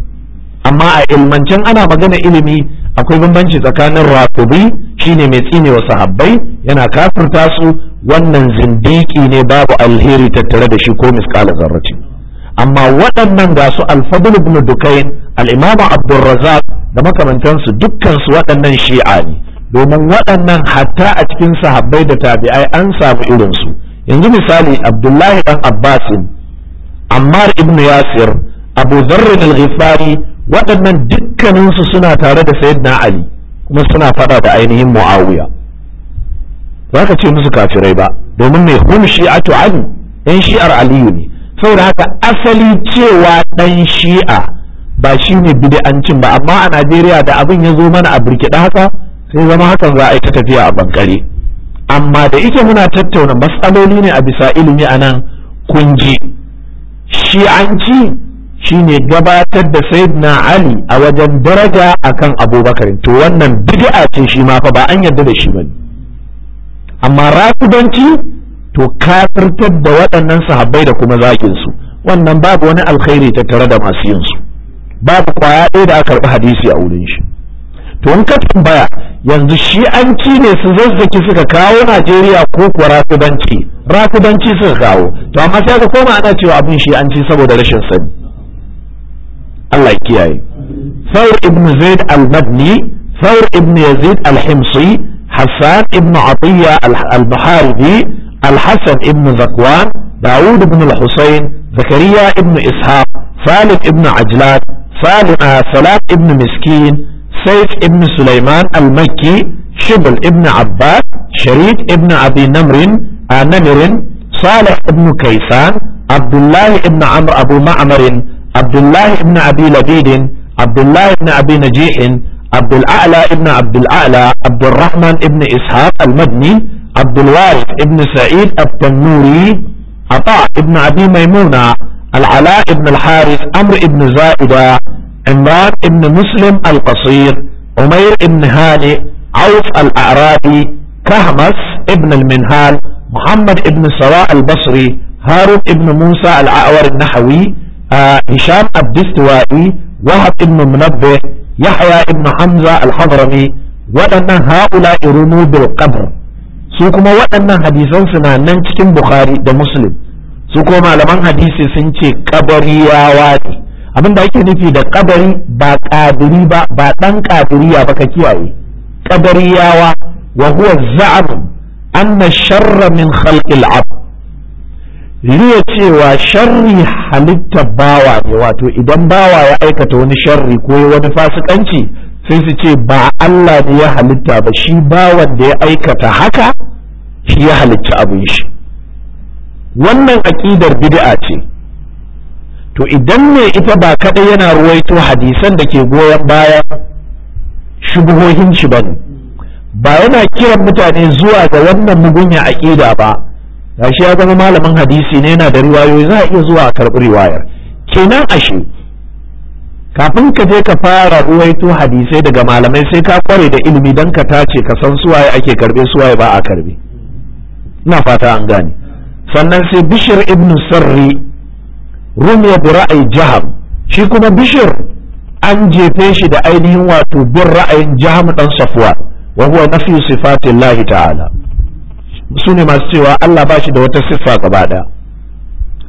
amma a ilmancen ana magana ilimi akwai bambanci tsakanin rafibi shine mai tsinewa sahabbai yana kafirta su wannan zindiki ne babu alheri tattare da shi ko miskala zarrati amma waɗannan ga su al-fadl ibn dukayn al-imam abdurrazzaq da makamantansu dukkan su waɗannan shi'a ne domin waɗannan hatta a cikin sahabbai da tabi'ai an samu irinsu yanzu misali abdullahi dan abbasin ammar ibn yasir abu zarrin al-ghifari waɗannan dukkaninsu suna tare da sayyidina ali kuma suna faɗa da ainihin muawiya za ka ce musu kafirai ba domin mai hum shi'atu ali ɗan shi'ar aliyu ne saboda haka asali cewa ɗan shi'a ba shi ne bid'ancin ba amma a najeriya da abin ya zo mana a birkiɗa haka sai zama hakan za a yi ta tafiya a bankare amma da ike muna tattauna matsaloli ne a bisa ilimi a nan kunji shi'anci shi ne gabatar da sayyidina ali a wajen daraja akan abubakar to wannan bid'a ce shi ma fa ba an yarda da shi bane amma rafidanci to kafirtar da waɗannan sahabbai da kuma zakin su wannan babu wani alkhairi ta tare da masu yin su babu kwaya ɗaya da aka karɓi hadisi a wurin shi to in ka tambaya yanzu shi an ci ne su zazzaki suka kawo Najeriya ko kuwa rafidanci rafidanci suka kawo to amma sai ka koma ana cewa abin ci saboda rashin sani Allah kiyaye Thawr ibn Zaid al-Madni Thawr ibn Yazid al-Himsi حسان ابن عطية البحاري الحسن ابن ذكوان داود بن الحسين زكريا ابن إسحاق ثالث ابن عجلان ثلاث آه، ابن مسكين سيف ابن سليمان المكي شبل ابن عباس شريك ابن أبي نمر آه، نمر صالح ابن كيسان عبد الله ابن عمرو أبو معمر عبد الله ابن أبي لبيد عبد الله ابن أبي نجيح عبد الأعلى ابن عبد الأعلى عبد الرحمن ابن إسحاق المدني عبد الوارث ابن سعيد التنوري عطاء ابن أبي ميمونة العلاء ابن الحارث أمر ابن زائدة عمران ابن مسلم القصير عمير ابن هاني عوف الأعرابي كهمس ابن المنهال محمد ابن سواء البصري هارون ابن موسى العأور النحوي آه، هشام الدستوائي وهب ابن منبه Yahaya Ibnu hamza al-hadrami waɗannan haula irumu bil qabr su kuma waɗannan hadisan na nan cikin bukhari da muslim su kuma malaman hadisi sun ce kabariyawa ne abinda ake nufi da ƙabari ba kadiri ba ba dan kadiriya ba ka kiwaye kabariyawa wa huwa za'ab anna sharra min khalqil abd liya cewa sharri halitta bawa ne wato idan bawa ya aikata wani sharri ko wani fasikanci sai su ce ba Allah ne ya halitta ba shi bawan da ya aikata haka shi ya halitta abin shi wannan aƙidar bid'a ce to idan ne ita ba kaɗai yana ruwaito hadisan da ke goyon baya shubuhohin shi ba ba yana kiran mutane zuwa ga wannan mugunya aƙida ba gashi ya zama malamin hadisi ne yana da riwayoyi za a iya zuwa a karɓi riwayar kenan ashe kafin ka je ka fara ruwaito hadisai daga malamai sai ka kware da ilimi don ka tace ka san suwaye ake karbe suwaye ba a karbe ina fata an gane sannan sai bishir ibn sarri rumiya bi ra'ayi jaham shi kuma bishir an jefe shi da ainihin wato bin ra'ayin jaham dan safuwa wa huwa nafi sifatillahi ta'ala su ne masu cewa Allah ba shi da wata siffa gaba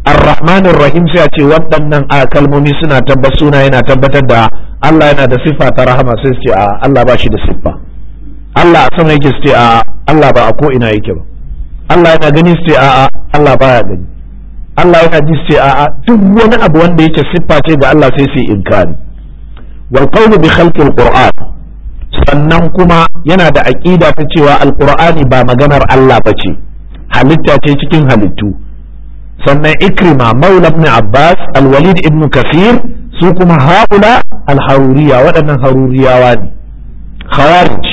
ar-rahmanir rahim sai a ce waɗannan a kalmomi suna tabbatar suna yana tabbatar da Allah yana da siffa ta rahama sai su ce a Allah ba shi da siffa Allah a sama yake su ce a Allah ba a ko ina yake ba Allah yana gani su ce a Allah baya gani Allah yana ji su ce a duk wani abu wanda yake siffa ce ga Allah sai su yi inkari wal qawlu bi khalqil qur'an sannan kuma yana da aƙida ta cewa alƙur'ani ba maganar Allah ba ce halitta ce cikin halittu sannan ikrima maula ibn abbas alwalid ibn kasir su kuma haula alharuriya waɗannan haruriyawa ne khawarij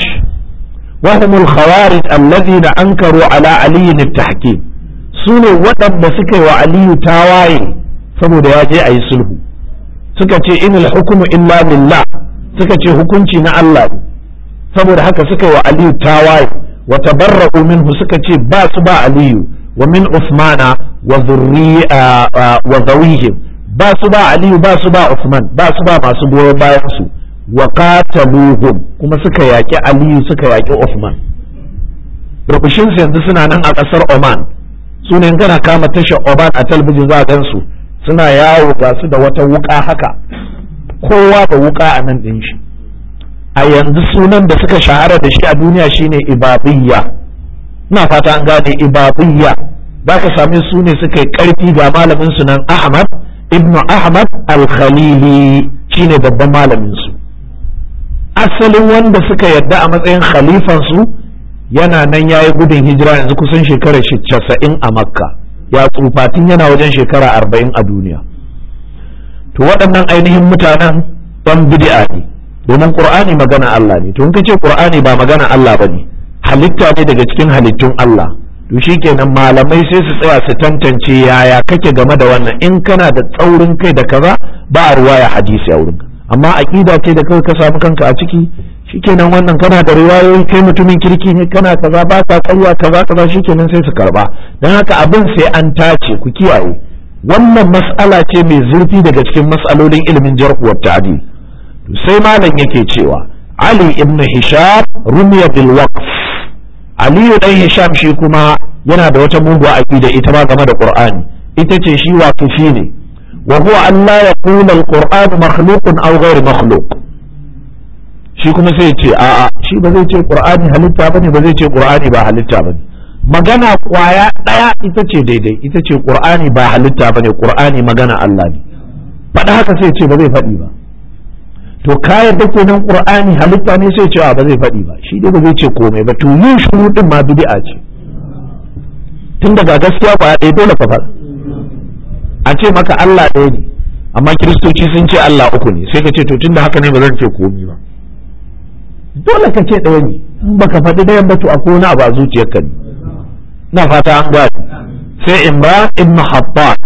وهم الخوارج الذين أنكروا على علي التحكيم سنة وطن سكة وعلي تاواي فمو دياجي أي سلح سكة إن الحكم إلا لله سكة حكمتنا الله saboda haka suka wa aliyu tawaye wa tabarra'u minhu suka ce ba su ba aliyu wa min usmana wa wa zawihim ba su ba aliyu ba su ba usman ba su ba masu goyon bayan su wa qataluhum kuma suka yaƙi aliyu suka yaƙi usman rubushin su yanzu suna nan a ƙasar oman su ne kana kama tashar oman a talbijin za gansu suna yawo ga su da wata wuka haka kowa da wuka a nan ɗin shi a yanzu sunan da suka shahara da shi a duniya shine ibabiyya ina fata an gane ibabiyya za ka sami su ne suka yi karfi ga malamin su nan ahmad ibnu ahmad al-khalili shine babban malamin su asalin wanda suka yadda a matsayin khalifan su yana nan yayi gudun hijira yanzu kusan shekara 90 a makka ya tsufatin yana wajen shekara 40 a duniya to waɗannan ainihin mutanen ɗan bid'a ne domin qur'ani magana Allah ne to in kace qur'ani ba magana Allah bane halitta ne daga cikin halittun Allah to shikenan malamai sai su tsaya su tantance yaya kake game da wannan in kana da tsaurin kai da kaza ba ruwaya hadisi a wurin amma aqida ce da kai ka samu kanka a ciki shikenan wannan kana da riwayoyi kai mutumin kirki ne kana kaza ba ka tsaya kaza kaza shikenan sai su karba dan haka abin sai an tace ku kiyaye wannan mas'ala ce mai zurfi daga cikin mas'alolin ilimin wa ta'dil sai malam yake cewa ali ibn hisham rumiya bil waqf aliyu dan hisham shi kuma yana da wata muguwa aqida ita ma game da qur'ani ita ce shi waqifi ne wa huwa an la yaqul al qur'an makhluqun aw ghayr makhluq shi kuma sai ya ce a'a shi ba zai ce qur'ani halitta bane ba zai ce qur'ani ba halitta bane magana kwaya daya ita ce daidai ita ce qur'ani ba halitta bane qur'ani magana Allah ne faɗa haka sai ya ce ba zai faɗi ba to ka yarda kenan qur'ani halitta ne sai cewa ba zai faɗi ba shi dai ba zai ce komai ba to yin shuru ɗin ma bid'a ce tun daga gaskiya ba ɗaya dole fa faɗa a ce maka Allah ɗaya ne amma kiristoci sun ce Allah uku ne sai ka ce to tun da haka ne ba zan ce komai ba dole ka ce ɗaya ne in baka faɗi ɗayan ba to akwai wani abu a zuciyarka ne na fata an gwaji sai imran ibn hattab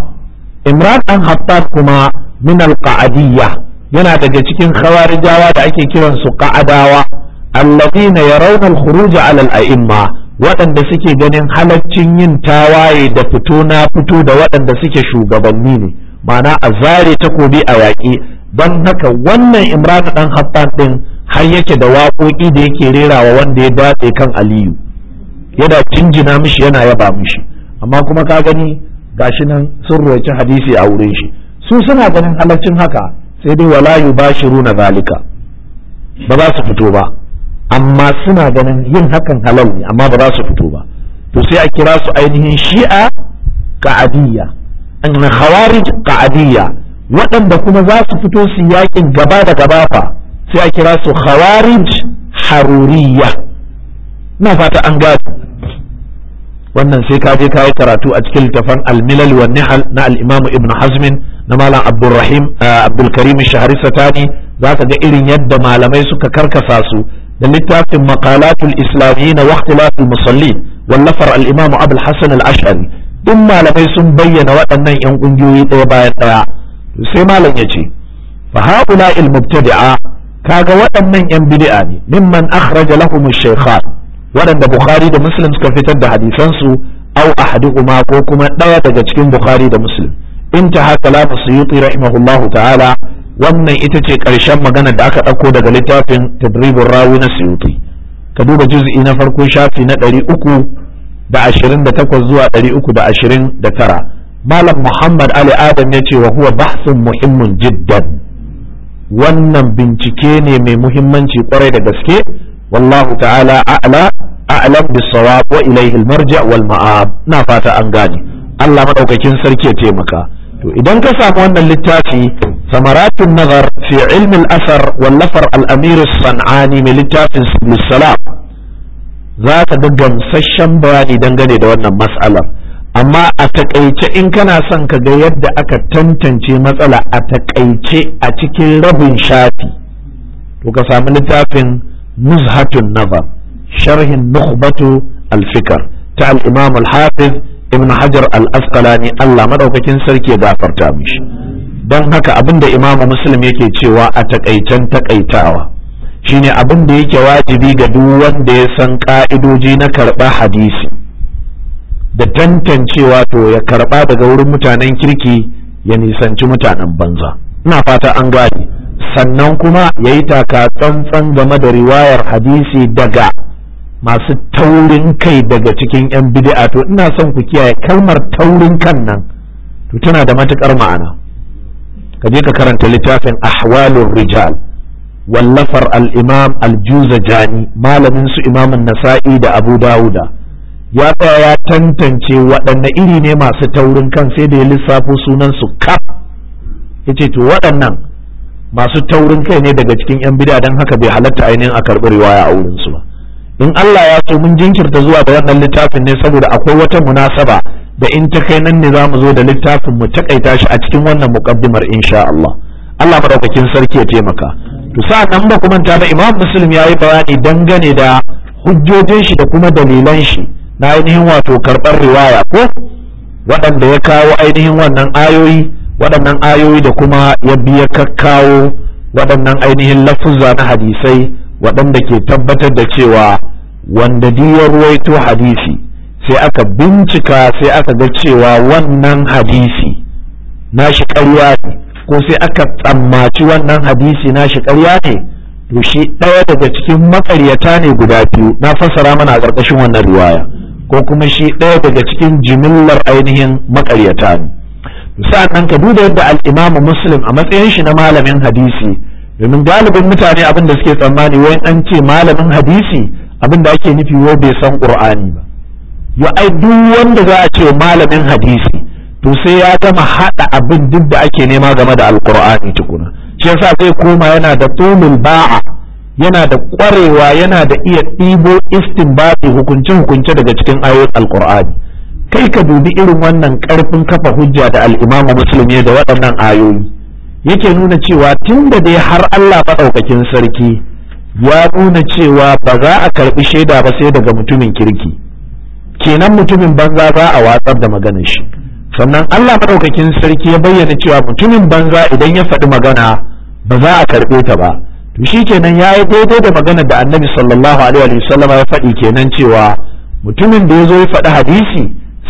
imran dan hattab kuma min al-qa'diyya yana daga cikin khawarijawa da ake kiran su qa'adawa allazina yarawna al-khuruj 'ala al-a'imma waɗanda suke ganin halaccin yin tawaye da fito na fito da waɗanda suke shugabanni ne ma'ana a zare takobi a yaƙi don haka wannan imran ɗan hattan ɗin har yake da waƙoƙi da yake rerawa wanda ya datse kan aliyu yana jinjina mishi yana yaba mishi amma kuma ka gani gashi nan sun roci hadisi a wurin shi su suna ganin halaccin haka sai dai wala yubashiru na zalika ba za su fito ba amma suna ganin yin hakan halal ne amma ba za su fito ba to sai a kira su ainihin shi'a ka'adiyya an khawarij ka'adiyya waɗanda kuma za su fito su yakin gaba da gaba fa sai a kira su khawarij haruriya na fata an gado wannan sai ka je yi karatu a cikin littafan al-milal wa nihal na al-imam ibn hazmin na malam abdulrahim eh, abdulkarim shahri satani za ka ga irin yadda malamai suka karkasa su da littafin maqalatul islamiyyin wa ikhtilafil musallin wallafar al-imam abul hasan al-ash'ari duk malamai sun bayyana waɗannan yan kungiyoyi ɗaya bayan ɗaya sai malam ya ce fa haula al-mubtadi'a kaga waɗannan yan bid'a ne mimman akhraja lahum ash-shaykhan waɗanda bukhari da muslim suka fitar da hadisansu au ahaduhuma ko kuma ɗaya daga cikin bukhari da muslim intaha kalamu suyuti rahimahullahu ta'ala wannan ita ce ƙarshen magana da aka ɗauko daga littafin tadribin rawi na suyuti ka duba juz'i na farko shafi na ɗari uku da ashirin da takwas zuwa ɗari uku da ashirin da tara malam muhammad ali adam ya ce wa huwa bahsun muhimmin jiddan wannan bincike ne mai muhimmanci kwarai da gaske wallahu ta'ala a'la a'lam bis wa ilayhi al wal ma'ab na fata an gane Allah madaukakin sarki ya taimaka to idan ka samu wannan littafi samaratun nazar fi ilmin asar wallafar al-amir sanani mai littafin salam za ka ga gamsasshen bayani dangane da wannan mas'alar amma a takaice in kana son ka ga yadda aka tantance matsala a takaice a cikin rabin shafi to ka samu littafin nuzhatun nazar sharhin nukhbatu al-fikr ta al-imam hafiz ibn hajar al-asqalani Allah madaukakin sarki ya gafarta mishi don haka abinda imamu muslim yake cewa a takaicen takaitawa shine abin da yake wajibi ga duk wanda ya san ka'idoji na karɓa hadisi da tantancewa to ya karɓa daga wurin mutanen kirki ya nisanci mutanen banza ina fata an gane sannan kuma ya yi taka tsantsan game da riwayar hadisi daga masu taurin kai daga cikin 'yan bid'a to ina son ku kiyaye kalmar taurin kan nan to tana da matukar ma'ana ka je ka karanta littafin ahwalur rijal wallafar al-imam al-juzajani malamin su imam nasa'i da abu dauda ya tsaya ya tantance waɗanne iri ne masu taurin kan sai da ya lissafo sunan su kaf yace to waɗannan masu taurin kai ne daga cikin 'yan bid'a don haka bai halatta ainihin a karɓi riwaya a wurinsu ba in Allah ya so mun jinkirta zuwa ga wannan littafin ne saboda akwai wata munasaba da in ta kai nan ne za mu zo da littafin mu takaita shi a cikin wannan muqaddimar insha Allah Allah madaukakin sarki ya taimaka to sa'an ba ku manta ba Imam Muslim yayi bayani dangane da hujjojin shi da kuma dalilan shi na ainihin wato karɓar riwaya ko waɗanda ya kawo ainihin wannan ayoyi waɗannan ayoyi da kuma ya biya kakkawo waɗannan ainihin lafuzza na hadisai waɗanda ke tabbatar da cewa wanda ya ruwaito hadisi sai aka bincika sai aka ga cewa wannan hadisi shi ƙarya ne ko sai aka tsammaci wannan hadisi nashi ƙarya ne to shi ɗaya daga cikin maƙaryata ne guda biyu na fassara mana a ƙarƙashin wannan riwaya ko kuma shi ɗaya daga cikin jimillar ainihin maƙaryata ne sa'an ka duba yadda al'imamu muslim a matsayin shi na malamin hadisi domin galibin mutane abin da suke tsammani wai an ce malamin hadisi abin da ake nufi wai bai san qur'ani ba yo ai duk wanda za a ce malamin hadisi to sai ya gama hada abin duk da ake nema game da alqur'ani tukuna shi yasa sai koma yana da tulul ba'a yana da kwarewa yana da iya ɗibo istinbati hukunce hukunci daga cikin ayoyin alqur'ani kai ka dubi irin wannan karfin kafa hujja da al-imamu muslim da waɗannan ayoyi yake nuna cewa tun da dai har Allah maɗaukakin sarki ya nuna cewa ba za a karɓi shaida ba sai daga mutumin kirki kenan mutumin banza za a watsar da maganar shi sannan Allah maɗaukakin sarki ya bayyana cewa mutumin banza idan ya faɗi magana ba za a karɓe ta ba to shi kenan ya yi daidai da magana da annabi sallallahu alaihi wa sallam ya faɗi kenan cewa mutumin da ya zo ya faɗi hadisi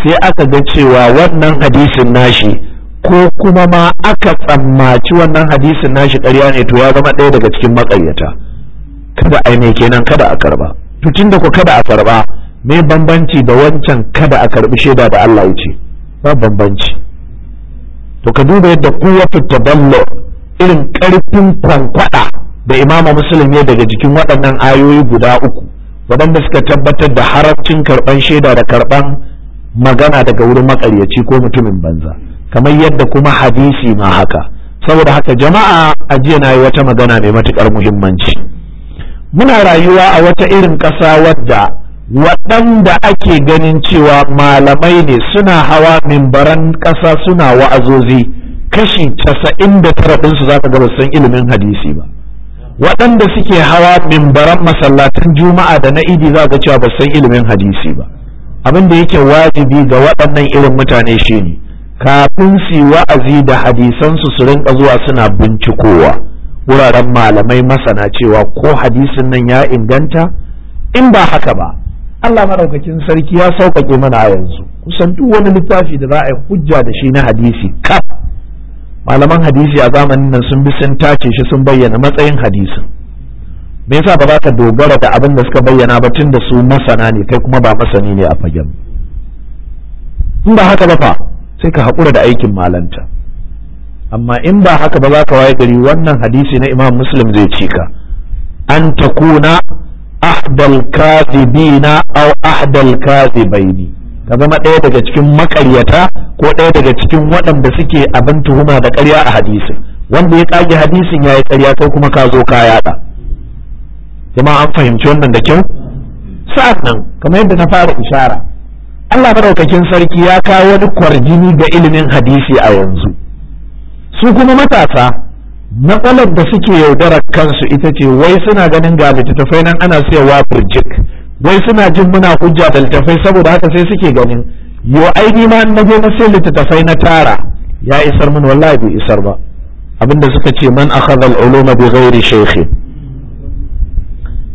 sai aka ga cewa wannan hadisin nashi ko kuma ma aka tsammaci wannan hadisin nashi ƙarya ne to ya zama ɗaya daga cikin maƙaryata kada ai me kenan kada a karba to tunda ku kada a karba me bambanci da wancan kada a karbi shaida da Allah ya ce ba bambanci to ka duba yadda kuwatu taballo irin ƙarfin kwankwada da imama muslim ya daga jikin waɗannan ayoyi guda uku waɗanda suka tabbatar da haramcin karɓan shaida da karɓan magana daga wurin makaryaci ko mutumin banza kamar yadda kuma hadisi ma haka saboda haka jama'a a jiya na yi wata magana mai matukar muhimmanci muna rayuwa a wata irin ƙasa wadda waɗanda ake ganin cewa malamai ne suna hawa mimbaran ƙasa suna wa'azozi kashi casa'in da tara ɗinsu za ka gaba san ilimin hadisi ba waɗanda suke hawa mimbaran masallatan juma'a da na idi za ka cewa ba san ilimin hadisi ba abin da yake wajibi ga waɗannan irin mutane shi ne. kafin su wa'azi da hadisan su su rinka zuwa suna bincikowa wuraren malamai masana cewa ko hadisin nan ya inganta in ba haka ba Allah maɗaukakin sarki ya sauƙaƙe mana a yanzu kusan duk wani littafi da za a yi hujja da shi na hadisi ka malaman hadisi a zamanin nan sun bi sun tace shi sun bayyana matsayin hadisin me yasa ba za ka dogara da abin da suka bayyana ba tun da su masana ne kai kuma ba masani ne a fagen in ba haka ba fa sai ka haƙura da aikin malanta amma in ba haka ba za ka waye gari wannan hadisi na imam muslim zai ci ka an kuna ahdal kazibina au ahdal kazibaini ka zama ɗaya daga cikin makaryata ko ɗaya daga cikin waɗanda suke abin tuhuma da ƙarya a hadisi wanda ya ƙage hadisin ya yi ƙarya kai kuma ka zo ka yaɗa jama'a an fahimci wannan da kyau sa'an nan kamar yadda na fara ishara Allah madaukakin sarki ya kawo wani kwarjini ga ilimin hadisi a yanzu su kuma matasa matsalar da suke yaudarar kansu ita ce wai suna ganin ga littattafai nan ana siyarwa burjik wai suna jin muna hujja da littattafai saboda haka sai suke ganin yo ai ni ma na je na sai littattafai na tara ya isar mun wallahi bai isar ba abinda suka ce man akhadha al-uluma bi ghairi shaykh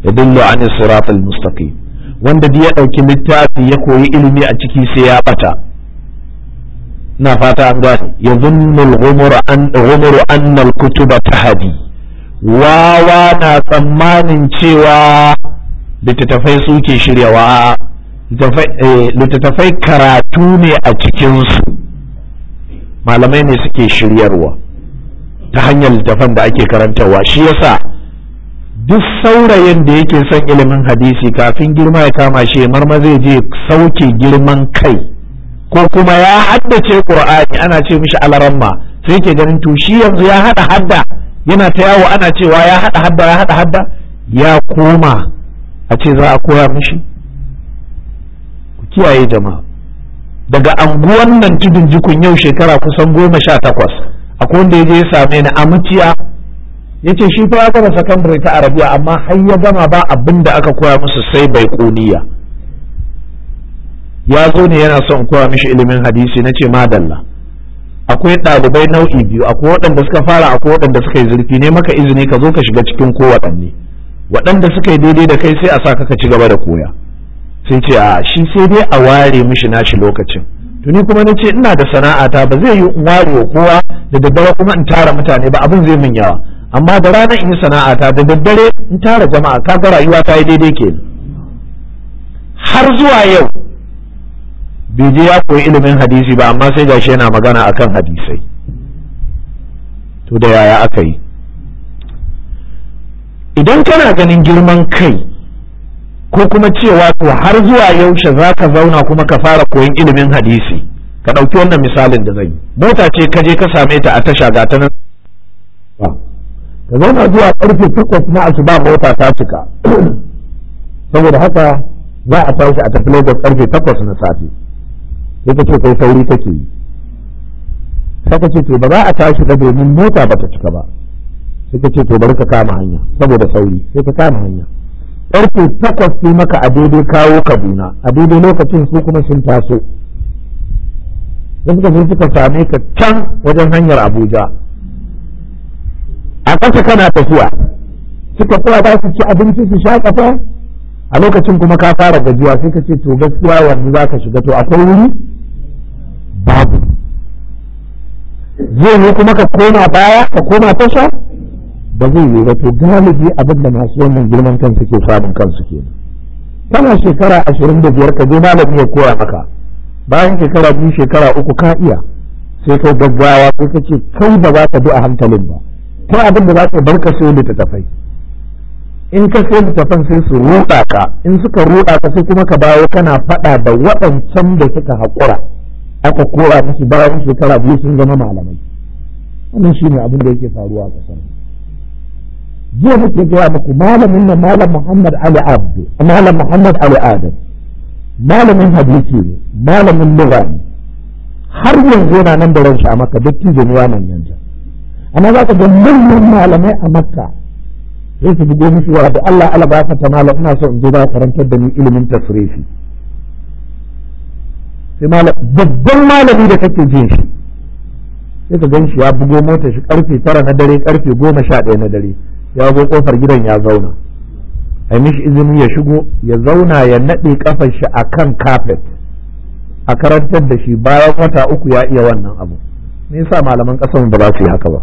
yadullu an sirat al-mustaqim wanda duk ya ɗauki littafi ya koyi ilimi a ciki sai ya ɓata na fata an gane ya zunnul annal kutuba hadi wawa na tsammanin cewa littattafai suke shiryawa eh, littattafai karatu ne a cikinsu malamai ne suke shiryarwa ta hanyar littattafan da ake karantarwa shi yasa duk saurayin da yake son ilimin hadisi kafin girma ya kama shi marma zai je sauke girman kai ko kuma ya haddace qur'ani ana ce mishi alaramma sai ke ganin to shi yanzu ya hada hadda yana ta yawo ana cewa ya hada hadda ya hada hadda ya koma a ce za a koya mishi ku kiyaye jama'a daga anguwan nan tudun jikun yau shekara kusan goma sha takwas akwai wanda ya je ya same ni a mutiya yace shi fa ya gama secondary ta arabiya amma har ya gama ba abin da aka koya musu sai bai kuniya ya zo ne yana son koya mishi ilimin hadisi na ce madalla akwai ɗalibai nau'i biyu akwai waɗanda suka fara akwai waɗanda suka yi zurfi ne maka izini ka zo ka shiga cikin kowaɗanne waɗanda suka yi daidai da kai sai a sa ka ci gaba da koya sai ce a shi sai dai a ware mishi nashi lokacin tuni kuma na ce ina da sana'ata ba zai yi in ware wa kowa da daddare kuma in tara mutane ba abin zai min yawa amma da ranar in yi ta da daddare in tara jama'a kaga rayuwa ta yi daidai ke har zuwa yau bai je ya koyi ilimin hadisi ba amma sai gashi yana magana akan hadisai to da yaya aka yi idan kana ganin girman kai ko kuma cewa to har zuwa yaushe za ka zauna kuma ka fara koyon ilimin hadisi ka ɗauki wannan misalin da zai mota ce ka je ka same ta a tasha ga ta nan ka zauna zuwa karfe takwas na asuba mota ta cika saboda haka za a tashi a tafi Lagos karfe takwas na safe sai ta ce kai sauri take yi sai ka ce to ba za a tashi ba domin mota ba ta cika ba sai ka ce to bari ka kama hanya saboda sauri sai ka kama hanya karfe takwas sai maka a daidai kawo Kaduna a daidai lokacin su kuma sun taso da suka sun suka same ka can wajen hanyar Abuja a ƙasa kana tafiya suka kuwa za su ci abinci su sha kafa a lokacin kuma ka fara gajiya sai ka ce to gaskiya wani za ka shiga to akwai wuri babu zai ne kuma ka koma baya ka koma tasha ba zai yi ba to galibi abin da masu wannan girman kan suke samun kansu ke tana shekara ashirin da biyar ka je malami ya koya maka bayan shekara biyu shekara uku ka iya sai kai gaggawa sai ka ce kai ba za ka bi a hankalin ba ko abin da za ka bar ka so littattafai in ka sai littattafan sai su ruɗa ka in suka ruɗa ka sai kuma ka bawo kana faɗa da waɗancan da suka haƙura aka kora musu bayan shekara biyu sun zama malamai wannan shine abin da yake faruwa a ƙasar jiya muke gaya muku malamin nan malam Muhammad Ali Abdu malam Muhammad Ali Adam malamin hadisi ne malamin lura ne har yanzu yana nan da ran a maka dattijo ne nan yanzu amma za ka ga manyan malamai a makka sai su bugo musu wa da Allah ala ba ka malam ina so in je ba karantar da ni ilimin tasrifi sai malam babban malami da kake jin shi sai ka gan shi ya bugo mota shi karfe tara na dare karfe goma sha ɗaya na dare ya go kofar gidan ya zauna ai mishi izini ya shigo ya zauna ya naɗe kafar shi a kan kafet a karantar da shi bayan wata uku ya iya wannan abu me yasa malaman ƙasar ba za su yi haka ba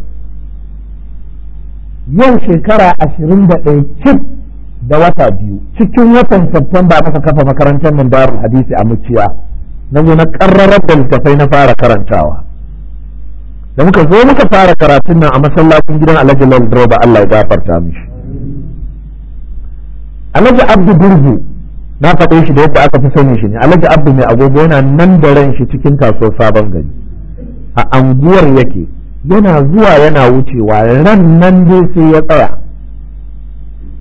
yau shekara ashirin da ɗaya cik da wata biyu cikin watan Satumba muka kafa makarantar nan darul hadisi a muciya na zo na karrarar da littafai na fara karantawa da muka zo muka fara karatun nan a masallacin gidan Alhaji Lalroba Allah ya gafarta mishi Alhaji Abdu burgu na faɗo shi da yadda aka fi sani shi ne Alhaji Abdu mai agogo yana nan da ran shi cikin kasuwar sabon gari a anguwar yake yana zuwa yana wucewa ran nan dai sai ya tsaya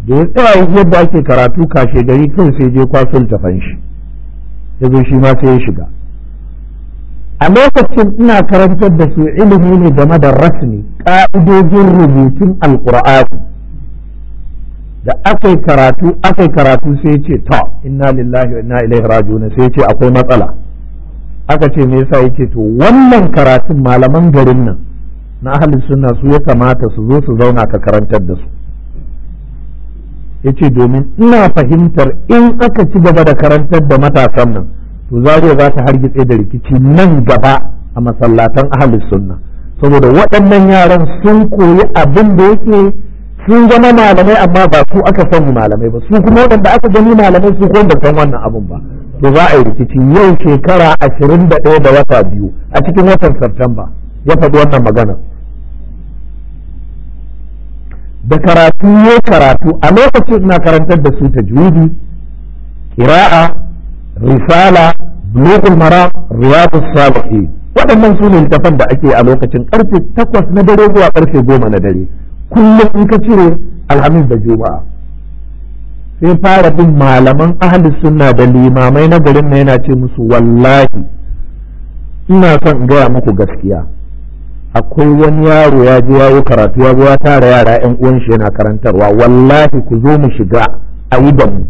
da ya tsaya yadda ake karatu kashe gari kawai sai je kwasul ta fanshi ya zo shi ma sai ya shiga a lokacin ina karantar da su ilimi ne game da rasmi ƙa'idojin rubutun alƙur'ani da akwai karatu akai karatu sai ce ta inna lillahi wa inna ilaihi raji'un sai ce akwai matsala aka ce me yasa yake to wannan karatun malaman garin nan na ahalin suna su ya kamata su zo su zauna ka karantar da su ya ce domin ina fahimtar in aka ci gaba da karantar da matasan nan to zariya za ta hargitse da rikici nan gaba a masallatan ahalin sunna saboda waɗannan yaran sun koyi abin da yake sun zama malamai amma ba su aka sani malamai ba su kuma waɗanda aka gani malamai su kuma san wannan abin ba to za a yi rikici yau shekara ashirin da ɗaya da wata biyu a cikin watan Satumba ya faɗi wannan magana da karatu ya karatu a lokacin ina karantar da su ta juri kira'a risala bulughul mara riyadus waɗannan su ne littafan da ake a lokacin karfe takwas na dare zuwa karfe goma na dare kullum in ka cire alhamis da juma'a sai fara bin malaman ahli sunna da limamai na garin na yana ce musu wallahi ina son gaya muku gaskiya akwai wani yaro ya je yayi karatu ya ya tara yara yan uwan shi yana karantarwa wallahi ku zo mu shiga a yi da mu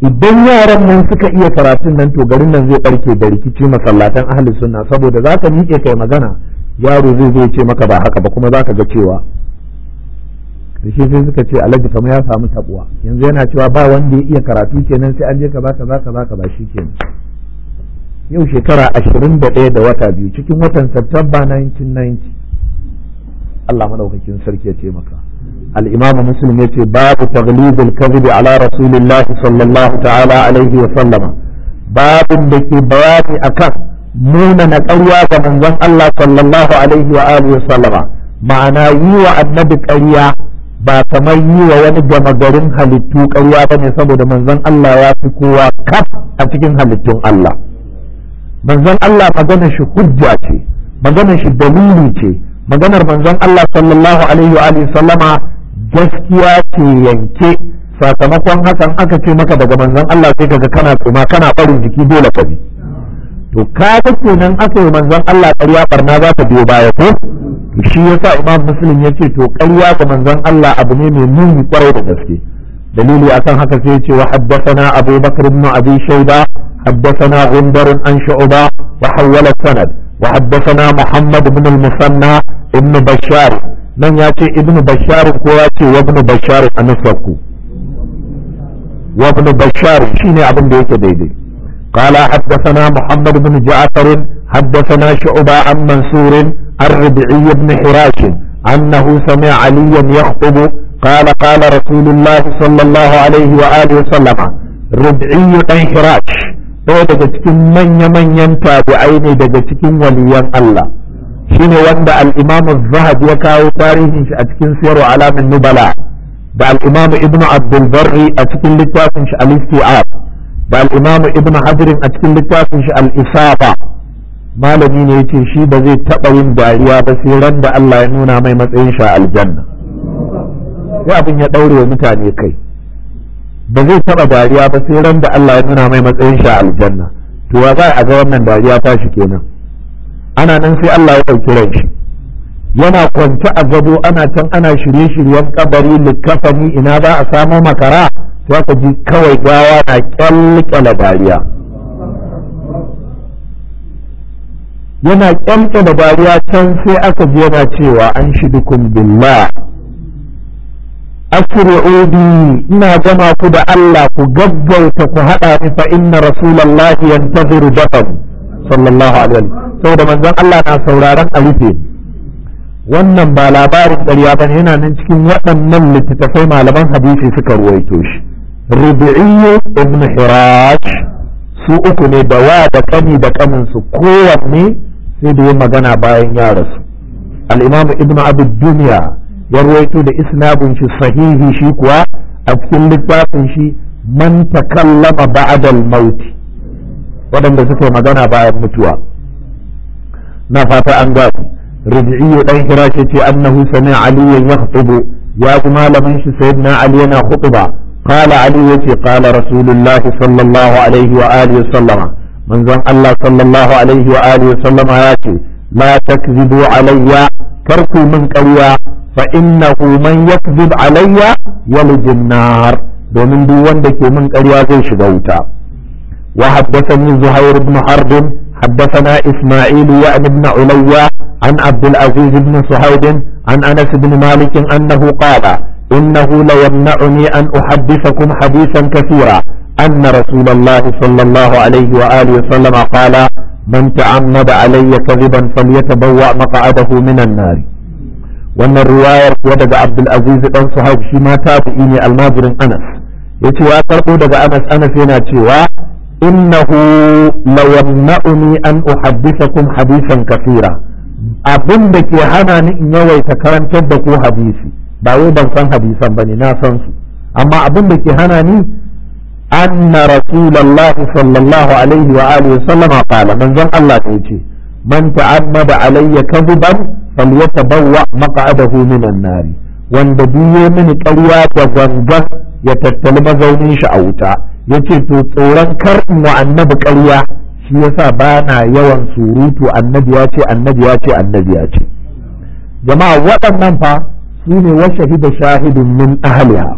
idan yaran mun suka iya karatun nan to garin nan zai barke da rikici masallatan ahli sunna saboda za ka miƙe kai magana yaro zai zo ce maka ba haka ba kuma za ka ga cewa karshe sai suka ce alhaji kamar ya samu tabuwa yanzu yana cewa ba wanda ya iya karatu kenan sai an je ka ba ka ba ka ba ka ba shi kenan yau shekara ashirin da ɗaya da wata biyu cikin watan Satumba 1990 Allah madaukakin sarki ya ce maka al-Imam Muslim yace babu taghlibul kadhib ala rasulillahi sallallahu ta'ala alaihi wa sallama babin da ke bayani akan nuna na ƙarya ga manzon Allah sallallahu alaihi wa alihi wa sallama ma'ana yi wa annabi ƙarya ba kamar yi wa wani gama garin halittu ƙarya bane saboda manzon Allah ya fi kowa kaf a cikin halittun Allah manzon Allah maganar shi hujja ce maganar shi dalili ce maganar manzon Allah sallallahu alaihi wa alihi sallama gaskiya ce yanke sakamakon hakan aka ce maka daga manzon Allah sai kaga kana tsoma kana barin jiki dole ka bi to ka ta kenan aka yi manzon Allah ƙarya barna za ta biyo baya ko shi yasa Imam Muslim yace to ƙarya ga manzon Allah abu ne mai muni kwarai da gaske dalili akan haka sai ya ce wa haddathana Abu Bakr ibn Abi Shayba حدثنا غندر عن شعبة وحول السند وحدثنا محمد بن المثنى ابن بشار من ياتي ابن بشار كواتي وابن بشار أنصفكو وابن بشار شيني ابن ديك ديدي قال حدثنا محمد بن جعفر حدثنا شعبة عن منصور الربعي بن حراش أنه سمع عليا يخطب قال قال رسول الله صلى الله عليه وآله وسلم ربعي بن حراش ɗaya daga cikin manya-manyan tabi'ai ne daga cikin waliyan Allah shine wanda al-Imam ya kawo tarihin shi a cikin siyarwa Alamin Nubala da al-Imam Ibn Abdul Barri a cikin littafin shi al-Istiab da al-Imam Ibn Hajar a cikin littafin shi al-Isaba malami ne yace shi ba zai taɓa yin dariya ba sai ran da Allah ya nuna mai matsayin shi a aljanna sai abin ya ɗaure wa mutane kai ba zai taba dariya ba sai ran da Allah ya nuna mai matsayin shi a aljanna to wa za a ga wannan dariya ta shi kenan ana nan sai Allah ya dauki ran shi yana kwance a gado ana can ana shirye-shiryen kabari likafani ina ba a samo makara za ka ji kawai gawa na kyalkyala dariya yana kyalkyala dariya can sai aka ji yana cewa an shi dukun billah asri'u bi ina gama ku da Allah ku gaggauta ku الله ni fa inna الله عليه وسلم sallallahu alaihi wasallam saboda manzon Allah na sauraron wannan ba labarin ƙarya bane yana nan cikin waɗannan littattafai malaman hadisi suka ruwaito shi rubi'iyyu ibn hiraj su uku ne da wa da kani da kanin su kowanne sai da yi magana bayan ya rasu al-imam ibn abu duniya ya da isnadun shi sahihi shi kuwa a cikin littafin shi man takallama ba'dal mauti waɗanda suka yi magana bayan mutuwa na fata an ga rabi'i dan kira shi ce annahu sami ya yakhutubu ya ji malamin shi sayyidina ali yana khutuba qala ali yace qala rasulullah sallallahu alaihi wa alihi sallama manzon Allah sallallahu alaihi wa alihi sallama ya ce la takzibu alayya karku min ƙarya fa innahu man yakzib alayya yalijin nar domin duk wanda ke min ƙarya zai shiga wuta wa haddathani zuhair ibn harb حدثنا إسماعيل وعن ابن عليا عن عبد العزيز بن صهيب عن أنس بن مالك أنه قال إنه ليمنعني أن أحدثكم حديثا كثيرا أن رسول الله صلى الله عليه وآله وسلم قال من تعمد علي كذبا فليتبوأ مقعده من النار wannan ruwayar kuwa daga abdul aziz dan suhaib shi ma tabi'i ne almajirin anas yace wa karbo daga anas anas yana cewa innahu law an uhaddithakum hadisan kathira abin da ke hana ni in yawaita karantar da ku hadisi ba wai ban san hadisan bane na san su amma abin da ke hana ni anna rasulullahi sallallahu alaihi wa alihi wa sallama qala manzon Allah ne ce man ta'ammada alayya kadhiban falyatabawwa maq'adahu minan nar wanda biye mini ƙarya da gangan ya tattali mazaunin shi a wuta yace to tsoron kar mu annabi ƙarya shi yasa ba na yawan surutu annabi ya ce annabi ya ce annabi ya ce jama'a waɗannan fa su ne wa shahida shahidun min ahliha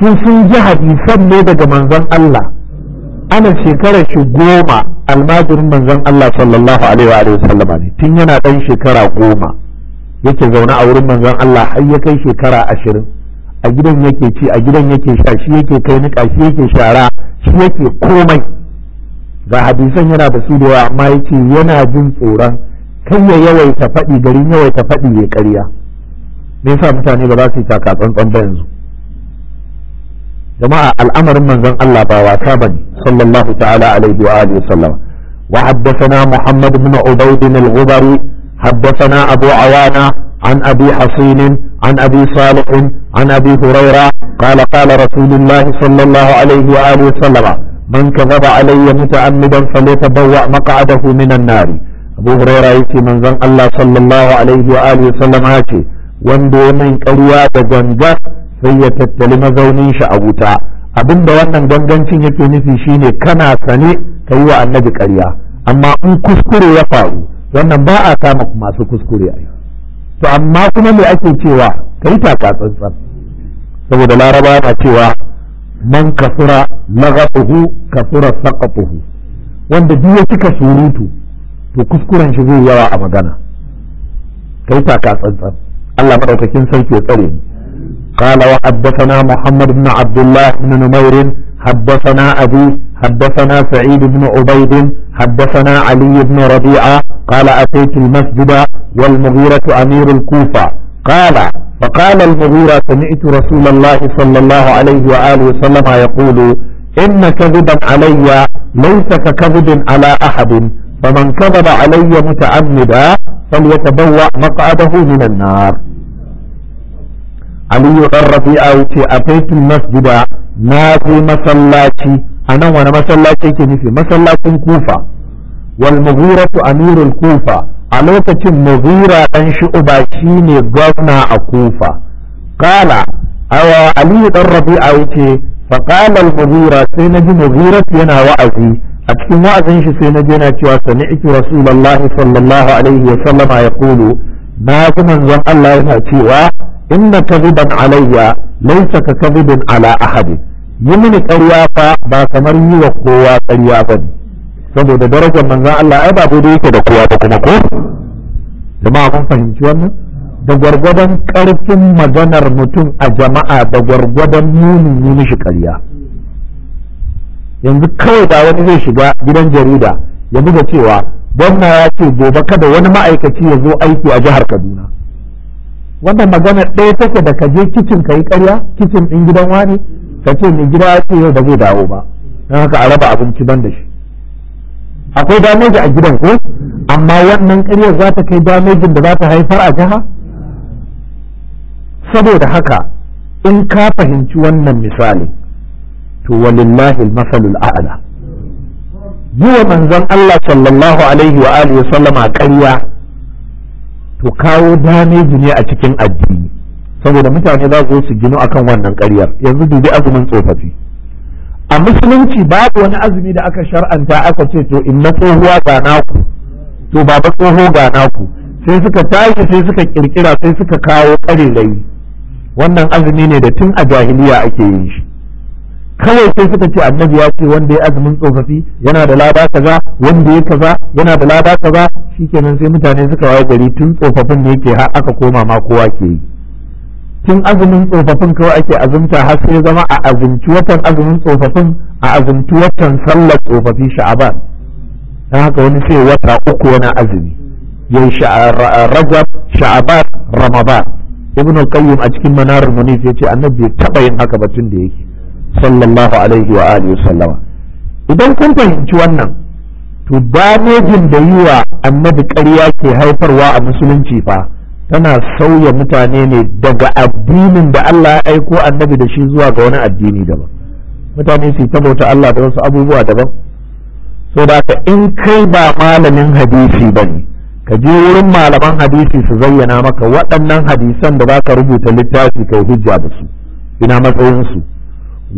su sun ji hadisan ne daga manzon Allah ana shekara shi goma almajirin manzon Allah sallallahu alaihi wa sallama ne tun yana ɗan shekara goma yake zaune a wurin manzon Allah har ya kai shekara ashirin a gidan yake ci a gidan yake sha shi yake kai niƙa shi yake shara shi yake komai ga hadisan yana da su da amma yake yana jin tsoron kan ya yawaita faɗi garin yawaita faɗi ya karya me yasa mutane ba za su yi taka tsantsan ba yanzu jama'a al'amarin manzon Allah ba wasa bane sallallahu ta'ala alaihi wa alihi sallama wa haddathana Muhammad ibn Ubayd al-Ghubari haddathana Abu Awana an Abi Hasin an Abi Salih an Abi Hurairah qala qala Rasulullah sallallahu alaihi wa alihi sallama man kadhaba alayya muta'ammidan falyatabawwa maq'adahu minan nar Abu Hurairah yake manzon Allah sallallahu alaihi wa alihi sallama ce wanda ya min ƙarya da gangar sai ya tattali mazaunin shi a wuta abinda wannan gangancin yake nufi shine kana sane ka yi wa annabi ƙarya amma in kuskure ya faru wannan ba a kama masu kuskure a to amma kuma me ake cewa ka yi taka tsantsan saboda laraba yana cewa man kasura lagatuhu kasura sakafuhu wanda duk ya cika surutu to kuskuren shi zai yawa a magana ka yi taka tsantsan Allah maɗaukakin sarki ya tsare ni قال وحدثنا محمد بن عبد الله بن نمير حدثنا أبي حدثنا سعيد بن عبيد حدثنا علي بن ربيعة قال أتيت المسجد والمغيرة أمير الكوفة قال فقال المغيرة سمعت رسول الله صلى الله عليه وآله وسلم يقول إن كذبا علي ليس ككذب على أحد فمن كذب علي متعمدا فليتبوأ مقعده من النار aliyu dan rabi'a a ataitu masjida na fi masallaci nan wani masallaci yake nufi masallacin kufa wal mughiratu amirul kufa a lokacin mughira dan shi ne gwamna a kufa Kala awa aliyu dan rabi'a yace fa kala al mughira sai ji mughira yana wa'azi a cikin wa'azin shi sai ji yana cewa sami'tu rasulullahi sallallahu alaihi wa sallama yaqulu na ji manzon Allah yana cewa inna kadiban alayya laysa ka kadibin ala ahadin yi mini ƙarya fa ba kamar yi wa kowa ƙarya ba ne saboda darajar manzan Allah ai ba dai yake da kowa ba kuma ko jama'a kun fahimci wannan da gwargwadon ƙarfin maganar mutum a jama'a da gwargwadon munin yi mishi ƙarya yanzu kawai da wani zai shiga gidan jarida ya buga cewa gwamna ya ce gobe kada wani ma'aikaci ya zo aiki a jihar Kaduna wannan magana ɗaya take da ka je kicin ka yi karya kicin ɗin gidan wani ka ce mai gida ya ce yau ba zai dawo ba don haka a raba abinci ban da shi akwai dameji a gidan ko amma wannan karyar za ta kai damejin da za ta haifar a jiha saboda haka in ka fahimci wannan misali to walillahi masalul a'la yi manzon Allah sallallahu alaihi wa alihi wa sallama ƙarya to kawo dameji ne a cikin addini saboda mutane za su su gino akan wannan ƙaryar yanzu dubi azumin tsofaffi a musulunci babu wani azumi da aka shar'anta aka ce to in na tsohuwa ga naku to baba tsoho ga naku sai suka tashi sai suka kirkira sai suka kawo ƙarerayi wannan azumi ne da tun a jahiliya ake yin shi kawai sai suka ce annabi ya ce wanda ya azumin tsofaffi yana da lada kaza wanda ya kaza yana da lada kaza shikenan sai mutane suka waye gari tun tsofaffin da yake har aka koma ma kowa ke yi tun azumin tsofaffin kawai ake azumta har sai zama a azumci watan azumin tsofaffin a azumci watan sallar tsofaffi sha'aban don haka wani sai wata uku wani azumi yayi rajab sha'aban ramadan ibn al-qayyim a cikin manar munif yace annabi bai taba yin haka ba tun da yake sallallahu alaihi wa alihi sallama idan kun fahimci wannan to damejin da yi wa annabi ƙarya ke haifarwa a musulunci fa tana sauya mutane ne daga addinin da Allah ya aiko annabi da shi zuwa ga wani addini daban mutane su ta bauta Allah da wasu abubuwa daban so da ka in kai ba malamin hadisi ba ne ka je wurin malaman hadisi su zayyana maka waɗannan hadisan da za ka rubuta littafi kai hujja da su ina matsayinsu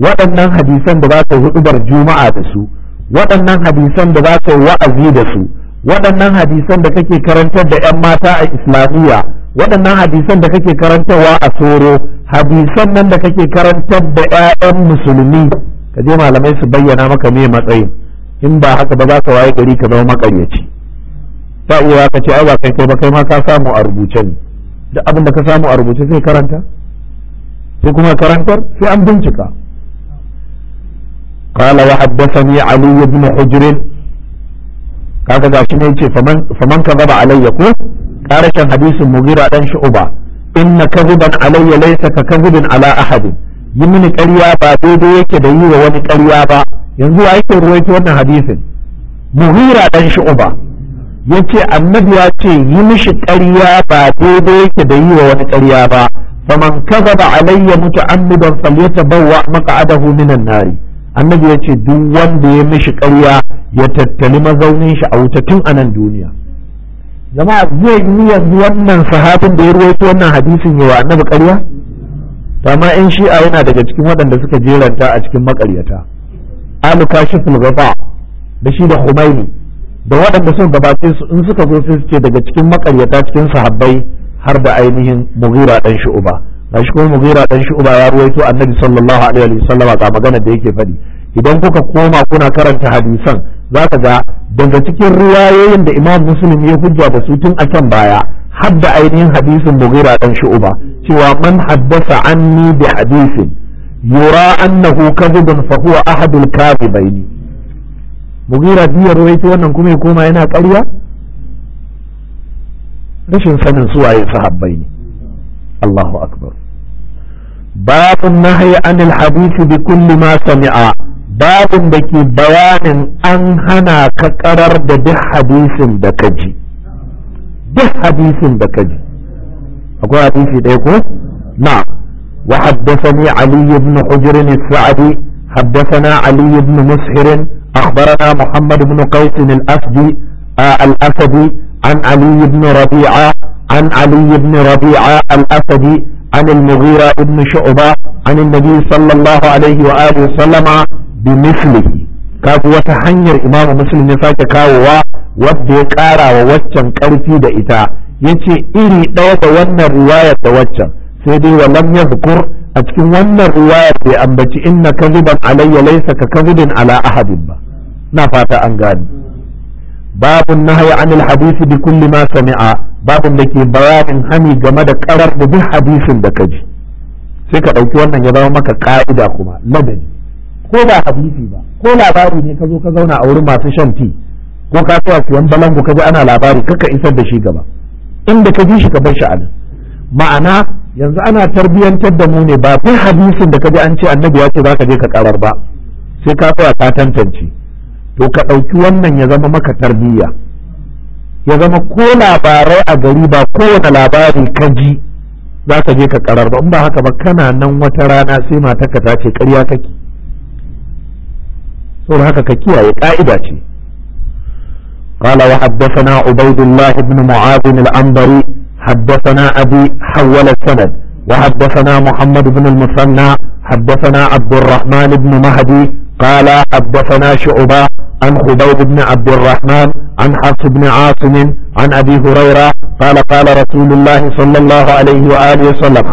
waɗannan hadisan da za ka hudubar juma'a da su waɗannan hadisan da za ka yi wa'azi da su waɗannan hadisan da kake karantar da 'yan mata a islamiyya waɗannan hadisan da kake karantarwa a tsoro hadisan nan da kake karantar da 'ya'yan musulmi ka je malamai su bayyana maka me matsayin in ba haka ba za ka waye gari ka zama makaryaci ta iya ka ce ai ba kai kai ba kai ma ka samu a rubuce ne duk abin da ka samu a rubuce sai karanta sai kuma karantar sai an bincika قال وحدثني علي بن حجر kaga gashi ne yace faman faman kadaba alayya ko karashin hadisin mugira dan shu'ba inna kadhiban alayya laysa ka kadhibin ala ahad yi mini ƙarya ba daidai yake da yi wa wani ƙarya ba yanzu wa yake ruwaito wannan hadisin mugira dan shu'ba yace annabi ya ce yi mishi ƙarya ba daidai yake da yi wa wani ƙarya ba faman kadaba alayya muta'ammidan falyatabawwa maq'adahu minan nari annabi ya ce duk wanda ya mishi karya ya tattali mazaunin shi a wuta tun a nan duniya jama'a zai yi yanzu wannan sahabin da ya ruwaito wannan hadisin yawa annabi karya. to amma in shi'a yana daga cikin waɗanda suka jeranta a cikin maƙaryata alu kashiful gaba da shi da humaini da waɗanda sun gabace su in suka zo sai su ce daga cikin makaryata cikin sahabbai har da ainihin mugira dan shu'uba shi kuma mugira dan shu'ba ya ruwaito annabi sallallahu alaihi sallam ga magana da yake faɗi idan kuka koma kuna karanta hadisan za ka ga daga cikin riwayoyin da imam muslim ya hujja da su tun a can baya har da ainihin hadisin mughira dan shu'ba cewa man haddasa anni bi hadisin yura annahu kadhibun fa huwa ahadul kadhibaini mughira biya ruwaito wannan kuma ya koma yana ƙarya rashin sanin suwaye sahabbai ne Allahu akbar باب النهي عن الحديث بكل ما سمع باب دكي بيان ان هنا كقرر ده دي حديث بكجي ده حديث دكجي اقول حديث ديكو نعم وحدثني علي بن حجر السعدي حدثنا علي بن مسهر اخبرنا محمد بن قيس الاسدي آه، الاسدي عن علي بن ربيعه عن علي بن ربيعه الاسدي عن المغيرة ابن شعبة عن النبي صلى الله عليه وآله وسلم بمثله kafu wata hanyar imamu muslim ya sake kawowa wanda ya kara wa waccan karfi da ita yace iri ɗaya da wannan riwayar da waccan sai dai wa lam yadhkur a cikin wannan riwayar bai ambaci inna kadhiban alayya laysa ka kadhibin ala ahadin ba na fata an gane babu nahyi anil hadisi bi kulli sami'a babun da ke bayanin hani game da karar da duk da ka ji sai ka ɗauki wannan ya zama maka ka'ida kuma ladabi ko ba hadisi ba ko labari ne ka zo ka zauna a wurin masu shan ti ko ka tsaya siyan balangu ka ji ana labari kaka isar da shi gaba inda ka ji shi ka bar shi a nan ma'ana yanzu ana tarbiyyantar da mu ne ba fi hadisin da ka ji an ce annabi ya ce za ka je ka karar ba sai ka tsaya ka tantance to ka ɗauki wannan ya zama maka tarbiyya ya zama ko labarai a gari ba kowane labari ka ji za ka je ka karar ba in ba haka ba kana nan wata rana sai matarka ta ce ƙarya kake saboda haka ka kiyaye ƙa'ida ce قال وحدثنا عبيد الله بن معاذ الأنبري حدثنا أبي حول السند وحدثنا محمد بن المثنى حدثنا عبد الرحمن بن مهدي قال حدثنا شعبة عن خبيب بن عبد الرحمن عن حفص بن عاصم عن أبي هريرة قال قال رسول الله صلى الله عليه وآله وسلم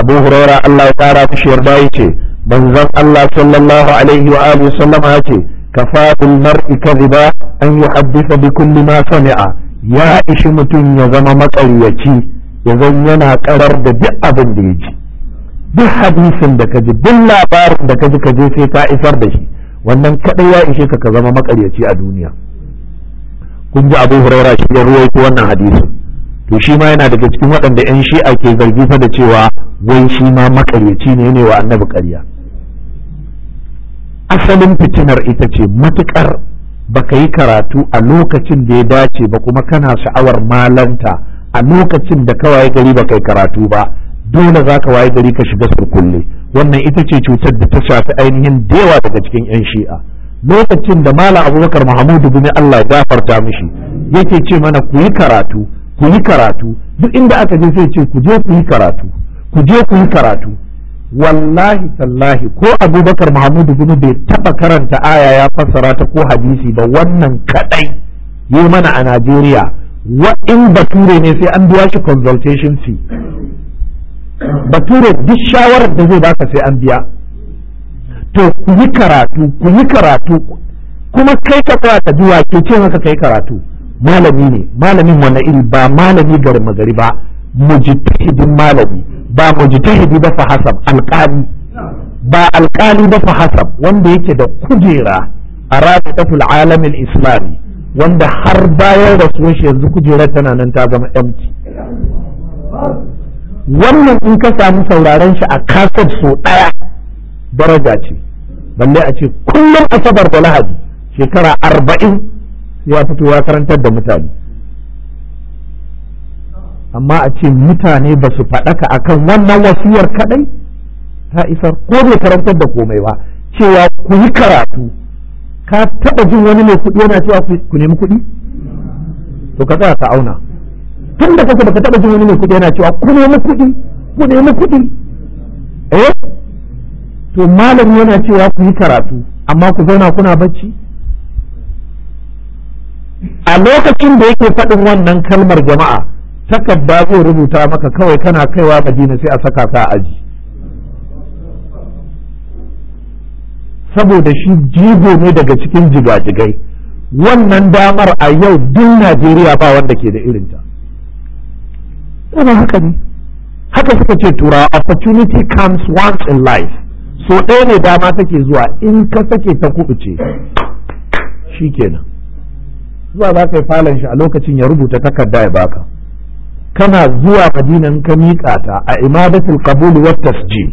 أبو هريرة الله تعالى تشير بايتي منزل الله صلى الله عليه وآله وسلم آتي كفاة المرء كذبا أن يحدث بكل ما سمع ya ishi mutum ya zama matsayyaci ya zan yana karar da duk abin da ya ji duk hadisin da ka ji duk labarin da ka ji ka je sai ka isar da shi wannan kadai ya ishe ka ka zama makaryaci a duniya kun ji abu huraira shi ya ruwaito wannan hadisi to shi ma yana daga cikin waɗanda yan shi'a ke zargi fa da cewa wai shi ma makaryaci ne ne wa annabi ƙarya asalin fitinar ita ce matukar baka yi karatu a lokacin da ya dace ba kuma kana sha'awar malanta a lokacin da ka waye gari baka yi karatu ba dole za ka waye gari ka shiga surkulle wannan ita ce cutar da ta shafi ainihin da yawa daga cikin 'yan shi'a lokacin da malam abubakar mahamudu bin allah gafarta mishi yake ce mana ku yi karatu ku yi karatu duk inda aka je sai ce ku je ku yi karatu ku je ku yi karatu wallahi tallahi ko abubakar mahamudu bin bai taba karanta aya ya fassara ta ko hadisi ba wannan kadai yi mana a najeriya wa'in bature ne sai an biya shi consultation fee bature duk shawarar da zai baka sai an biya to ku yi karatu ku yi karatu kuma kai ka kwa ka biwa ke ce maka kai karatu malami ne malamin wani iri ba malami gari magari ba mujtahidin malami ba mujtahidi ba fa hasab alqali ba alqali ba fa hasab wanda yake da kujera a rafiqatul alamin islami wanda har bayan rasuwar shi yanzu kujerar tana nan ta zama empty wannan in ka samu sauraron shi a kasar so ɗaya daraja ce balle a ce kullum asabar da lahadi shekara arba'in ya fito ya karantar da mutane amma a ce mutane ba su faɗaka kan wannan wasiyar kaɗai ta isar ko bai karantar da komai ba cewa ku yi karatu ka taɓa jin wani mai kuɗi yana cewa ku nemi kuɗi to ka tsaya ka auna tun da kake baka taba jin wani mai kudi yana cewa ku nemi kuɗi ku nemi kuɗi eh to malami yana cewa ku yi karatu amma ku zauna kuna bacci a lokacin da yake faɗin wannan kalmar jama'a takarda zai rubuta maka kawai kana kaiwa madina sai a saka ka aji saboda shi jigo ne daga cikin jigajigai wannan damar a yau duk najeriya ba wanda ke da irinta dama haka ne haka suka ce turawa opportunity comes once in life so ɗaya ne dama take zuwa in ka sake ta kubuce shi kenan zuwa za ka yi falon shi a lokacin ya rubuta takarda ya baka kana zuwa madinan ka miƙa ta a imadatul qabul wa tasjil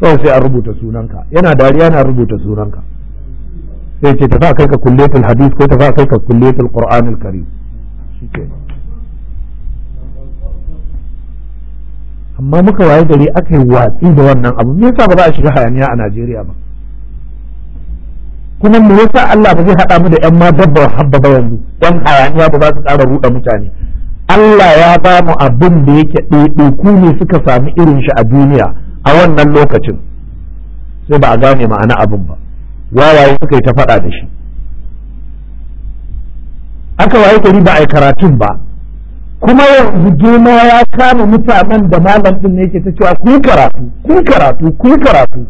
kawai sai a rubuta sunanka yana dariya na rubuta sunanka sai ce tafi a kai ka kulletul hadis ko tafi a kai ka kulletul qur'anul shi kenan amma muka waye gari aka yi watsi da wannan abu me yasa ba za a shiga hayaniya a Najeriya ba kuma me yasa Allah ba zai hada mu da yan ma dabbar habba ba yanzu yan hayaniya ba za su ƙara ruɗa mutane Allah ya ba mu abin da yake ku ne suka sami irin shi a duniya a wannan lokacin sai ba a gane ma'ana abin ba wawaye suka yi ta faɗa da shi aka waye gari ba a yi karatun ba kuma yanzu girma ya kama mutanen da malam din ne yake ta cewa kun karatu kun karatu kun karatu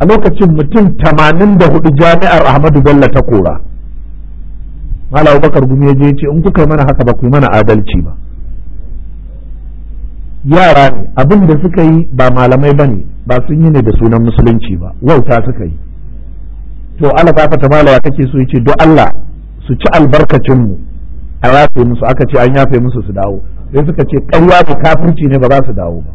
a lokacin mutum tamanin da hudu jami'ar ahmadu bello ta kora malam bakar gumi ya je ce in kuka yi mana haka ba ku yi mana adalci ba yara ne abin da suka yi ba malamai ba ne ba sun yi ne da sunan musulunci ba wauta suka yi to Allah ta fata kake so ce, do Allah su ci albarkacin mu a rafe musu aka ce an yafe musu su dawo sai suka ce ƙarya da kafirci ne ba za su dawo ba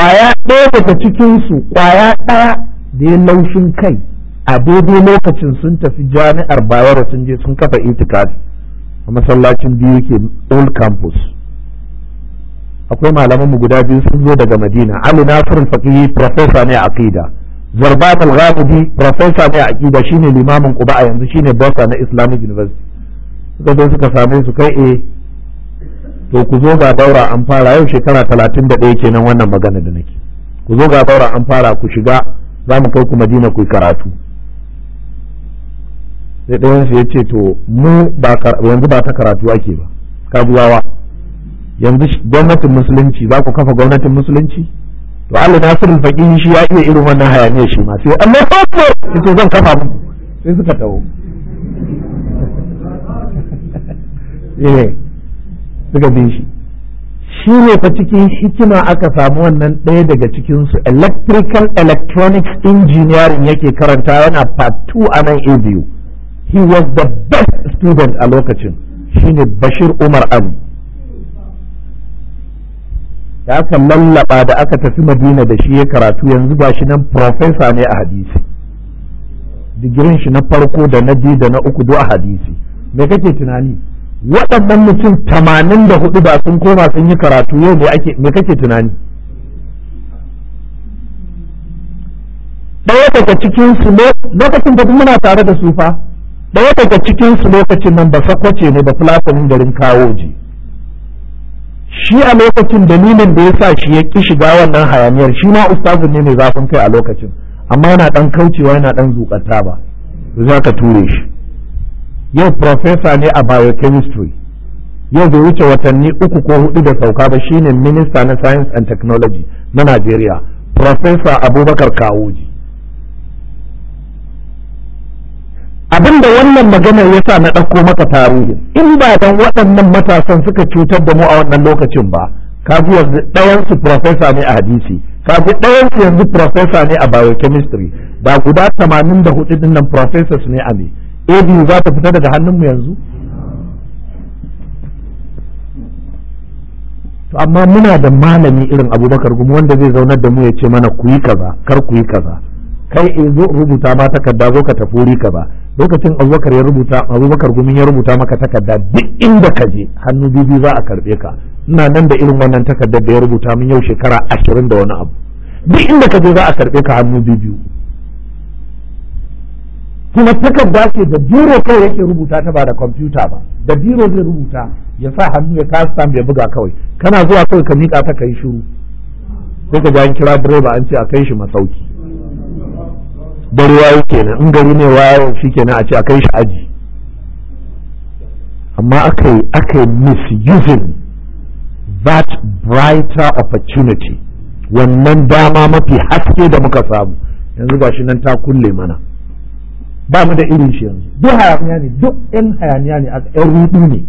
kwaya ɗaya daga cikinsu kwaya ɗaya da ya laushin kai a daidai lokacin sun tafi jami'ar bayero sun je sun kafa itikaf a masallacin biyu ke old campus akwai malaman mu guda biyu sun zo daga madina ali nasir faqihi professor ne a aqida zarbat al-ghamidi professor mai aqida shine limamin quba a yanzu shine bossa na islamic university suka zo suka same su kai eh to ku zo ga daura an fara yau shekara talatin da kenan wannan magana da nake ku zo ga daura an fara ku shiga za mu kai ku madina ku karatu sai ɗayan su ya ce to mu yanzu ba ta karatu ake ba kaguwawa yanzu gwamnatin musulunci za ku kafa gwamnatin musulunci to Allah Nasiru faqihi shi ya iya irin wannan hayaniya shi ma sai Allah akbar sai zan kafa mu sai suka tawo eh suka bi shi shi ne fa cikin hikima aka samu wannan ɗaya daga cikin su electrical electronics engineering yake karanta yana part 2 a nan abu he was the best student a lokacin shine Bashir Umar Ali da aka lallaba da aka tafi madina da shi ya karatu yanzu ba shi nan profesa ne a hadisi digirin shi na farko da na biyu da na uku duk a hadisi me kake tunani waɗannan mutum tamanin da hudu ba sun koma sun yi karatu yau ne ake me kake tunani ɗaya daga cikin su lokacin da muna tare da su fa ɗaya daga cikin su lokacin nan ba sakwace ne da fulatanin garin kawoji shi a lokacin dalilin da ya sa shi ya ƙi shiga wannan hayaniyar shi ma ustazu ne mai zafin kai a lokacin amma yana ɗan kaucewa yana ɗan zuƙata ba za ka ture shi yau profesa ne a biochemistry yau bai wuce watanni uku ko hudu da sauka ba shine minista na science and technology na Najeriya profesa Abubakar Kawoji Abin da wannan maganar ya sa na ɗauko maka tarihin in ba dan waɗannan matasan suka cutar da mu a wannan lokacin ba kaji yanzu ɗayansu profesa ne a hadisi ji ɗayansu yanzu profesa ne a biochemistry ba guda tamanin da hudu ɗin nan professors ne a me Ebi za ta fita daga hannunmu yanzu to amma muna da malami irin abubakar Guma wanda zai zaunar da mu ya ce mana ku yi kaza kar ku yi kaza kai in zo rubuta ma takarda zo ka tafi wuri kaza lokacin abubakar ya rubuta abubakar gumin ya rubuta maka takarda duk inda ka je hannu biyu za a karbe ka ina nan da irin wannan takardar da ya rubuta min yau shekara ashirin da wani abu duk inda ka je za a karbe ka hannu biyu kuma takarda ce da biro kawai yake rubuta ta ba da kwamfuta ba da biro zai rubuta ya sa hannu ya kasa ya buga kawai kana zuwa kawai ka miƙa ta ka yi shiru sai ka ji an kira direba an ce a kai shi masauki dare wayo kenan in gari ne wayo shi kenan a ce a kai shi aji amma aka yi aka yi misusing that brighter opportunity wannan dama mafi haske da muka samu yanzu ba shi nan ta kulle mana ba mu da irin shi yanzu duk hayaniya ne duk yan hayaniya ne a yan rudu ne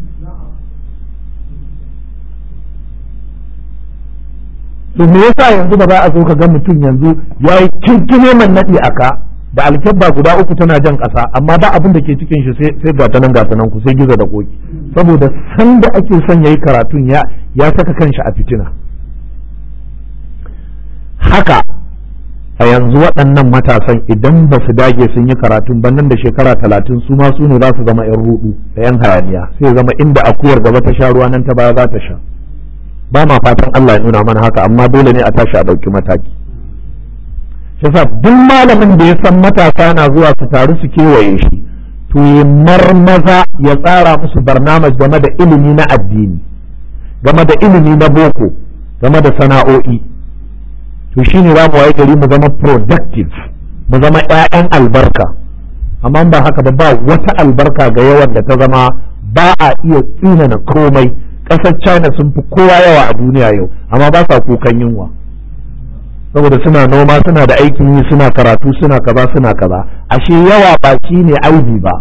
to me yasa yanzu ba za a zo ka ga mutum yanzu ya yi kirkire man naɗi a ka da alkebba guda uku tana jan kasa amma ba abin da ke cikin shi sai gatanan gatanan ku sai gizo da koki saboda san da ake son yayi karatun ya ya saka kanshi a fitina haka a yanzu waɗannan matasan idan ba su dage sun yi karatun ba nan da shekara talatin su ma su ne za su zama yan rudu da yan hayaniya sai zama inda akuyar gaba ta sha ruwa nan ta baya za ta sha ba ma fatan Allah ya nuna mana haka amma dole ne a tashi a ɗauki mataki yasa duk malamin da ya san matasa na zuwa su taru su kewaye shi to ya marmaza ya tsara musu barnamaj game da ilimi na addini game da ilimi na boko game da sana'o'i to shi ne mu ya gari mu zama productive mu zama 'ya'yan albarka amma ba haka ba ba wata albarka ga yawan da ta zama ba a iya tsinana komai ƙasar china sun fi kowa yawa a duniya yau amma ba sa kukan yunwa saboda suna noma suna da aikin yi suna karatu suna kaza suna kaza ashe yawa baki ne aibi ba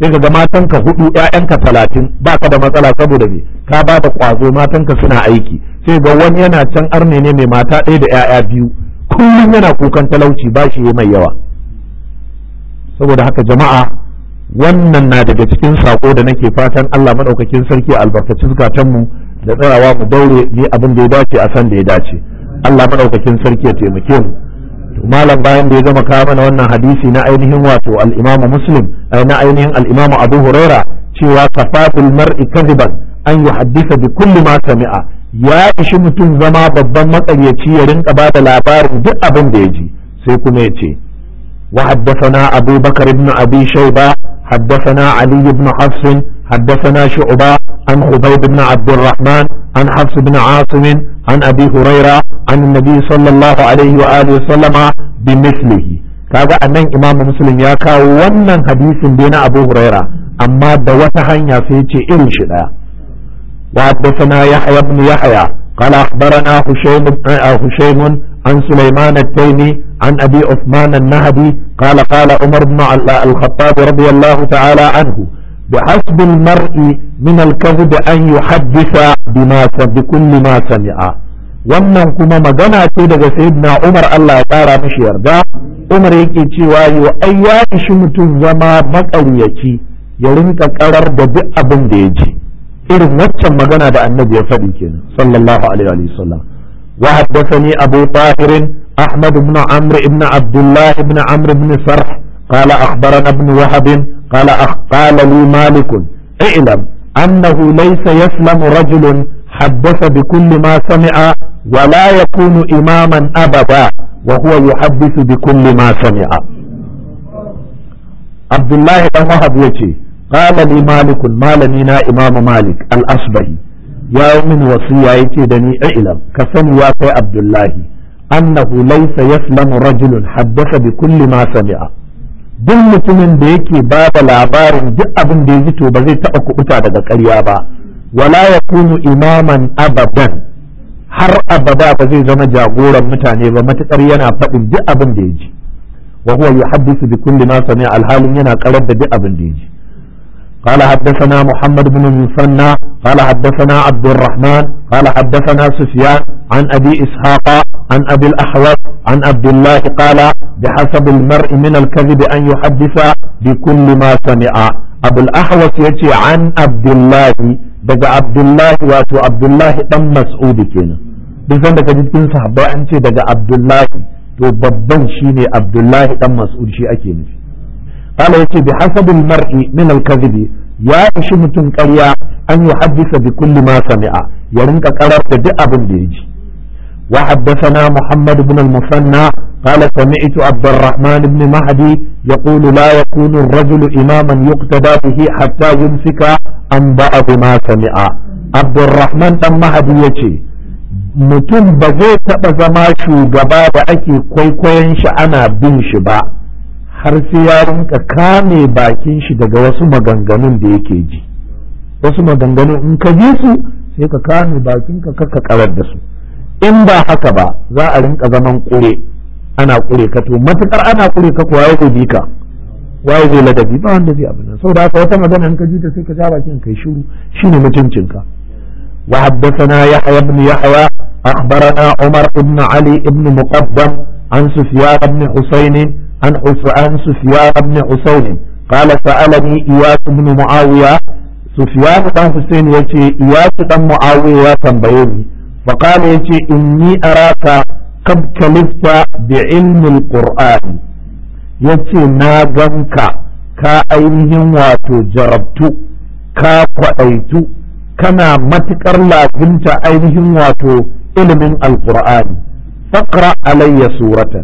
sai ka ga matanka hudu ƴaƴanka talatin ba ka da matsala saboda me ka ba da kwazo matanka suna aiki sai ga wani yana can arne ne mai mata ɗaya da ƴaƴa biyu kullum yana kukan talauci ba shi mai yawa saboda haka jama'a wannan na daga cikin sako da nake fatan Allah madaukakin sarki albarkacin zukatanmu da tsarawa mu daure ne abin da ya dace a san da ya dace Allah madaukakin sarki ya taimake mu malam bayan da ya gama kawo mana wannan hadisi na ainihin wato al-Imam Muslim eh, na ainihin al-Imam Abu Huraira cewa kafatul mar'i kadiban an yuhaddisa bi kulli ma sami'a ya ishi mutum zama babban makaryaci ya rinka ba da labarin duk abin da ya ji sai kuma ya ce wa haddathana Abu Bakar ibn Abi Shayba haddathana Ali ibn Hafs haddathana Shu'ba an Hubayb ibn Abdurrahman an Hafs ibn Asim an Abi Huraira an nabi sallallahu alaihi wa alihi sallama bi mislihi kaga anan imamu muslim ya kawo wannan hadisin da na abu huraira amma da wata hanya sai ce irin shi daya wa yahya ibn yahya an akhbarana husayn husayn عن سليمان التيمي عن أبي عثمان النهدي قال قال عمر بن الخطاب رضي الله تعالى عنه بحسب المرء من الكذب أن يحدث بما بكل ما سمع wannan kuma magana ce daga sayyidina Umar Allah ya kara mashi yarda Umar yake cewa yau ai ya ishi mutum zama maƙaryaci ya rinka karar da duk abin da ya ji irin waccan magana da annabi ya faɗi kenan sallallahu alaihi wa sallam wa haddathani abu tahir ahmad ibn amr ibn abdullah ibn amr ibn sarh قال أخبرنا ابن وهب قال قال لي مالك اعلم أنه ليس يسلم رجل حدث بكل ما سمع wala yakunu imaman abada wa huwa yuhaddithu bi kulli ma sami'a abdullahi dan wahab yace qala li malik malami na imamu malik al-asbahi ya min wasiya yace da ni ilam ka sani ya kai abdullahi annahu laysa yaslamu rajulun haddasa bi kulli ma sami'a duk mutumin da yake ba da labarin duk abin da ya ji to ba zai taɓa kubuta daga karya ba wala ya kunu imaman abadan har abada ba zai zama jagoran mutane ba matukar yana faɗin duk abin da ya ji wa huwa yuhaddisu bi kulli ma sami alhalin yana karar da duk abin da ya ji قال حدثنا محمد بن المثنى قال حدثنا عبد الرحمن قال حدثنا سفيان عن أبي إسحاق عن أبي الأحوص عن عبد الله قال بحسب المرء من الكذب أن يحدث بكل ما سمع أبو الأحوص يأتي عن عبد الله daga abdullahi wato abdullahi dan mas'udi kenan duk sanda ka ji cikin sahabbai an ce daga abdullahi to babban shine abdullahi dan mas'ud shi ake nufi hala yace bi hasabil mar'i min ya ishi mutum ƙarya an haddisa bi kulli ma sami'a ya rinka karar da duk abin da ya ji wa haddathana muhammad ibn al musanna قال سمعت عبد الرحمن بن مهدي يقول لا يكون الرجل إماما يقتدى به حتى يمسك an abu ma sami'a abdurrahman dan mahadi ya ce mutum ba zai taɓa zama shugaba da ake kwaikwayon shi ana bin shi ba har sai ya rinka kame bakin shi daga wasu maganganun da yake ji wasu maganganun in ka ji su sai ka kame bakin ka karar da su in ba haka ba za a rinka zaman kure ana kure ka to matukar ana kure ka kuwa ya bi ka waye zai ladabi ba wanda zai abin nan saboda haka wata magana in ka ji ta sai ka ja bakin kai shiru shine mutuncinka wa haddathana yahya ibn yahya akhbarana umar ibn ali ibn muqaddam an sufyan ibn husayn an usman sufyan ibn husayn qala sa'alani iyas ibn muawiya sufyan dan husayn yace iyas dan muawiya ya tambaye ni fa qala yace inni araka qad kalifta bi ilmi al ya ce na ganka ka ainihin wato jarabtu ka kwaɗaitu kana matuƙar lafinta ainihin wato ilimin alƙur'ani faƙra alayya surata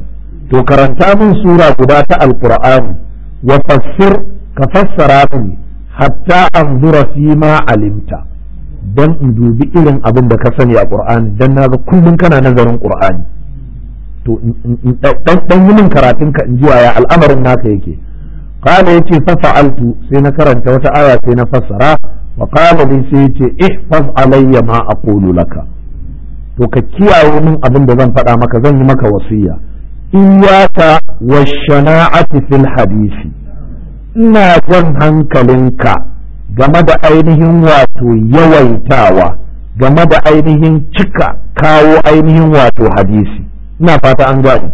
to karanta min sura guda ta alƙur'ani wa fassir ka fassara min hatta an zura fi ma alimta don in dubi irin abin da ka sani a ƙur'ani dan na kullum kana nazarin ƙur'ani to dan yi min karatun ka in ji al'amarin naka yake qala yace fa fa'altu sai na karanta wata aya sai na fassara wa qala li sai yace ihfaz alayya ma aqulu laka to ka kiyaye min abin da zan faɗa maka zan yi maka wasiya iyaka washana'ati shana'ati fil hadisi ina jan hankalinka game da ainihin wato yawaitawa game da ainihin cika kawo ainihin wato hadisi ina fata an gwaɗi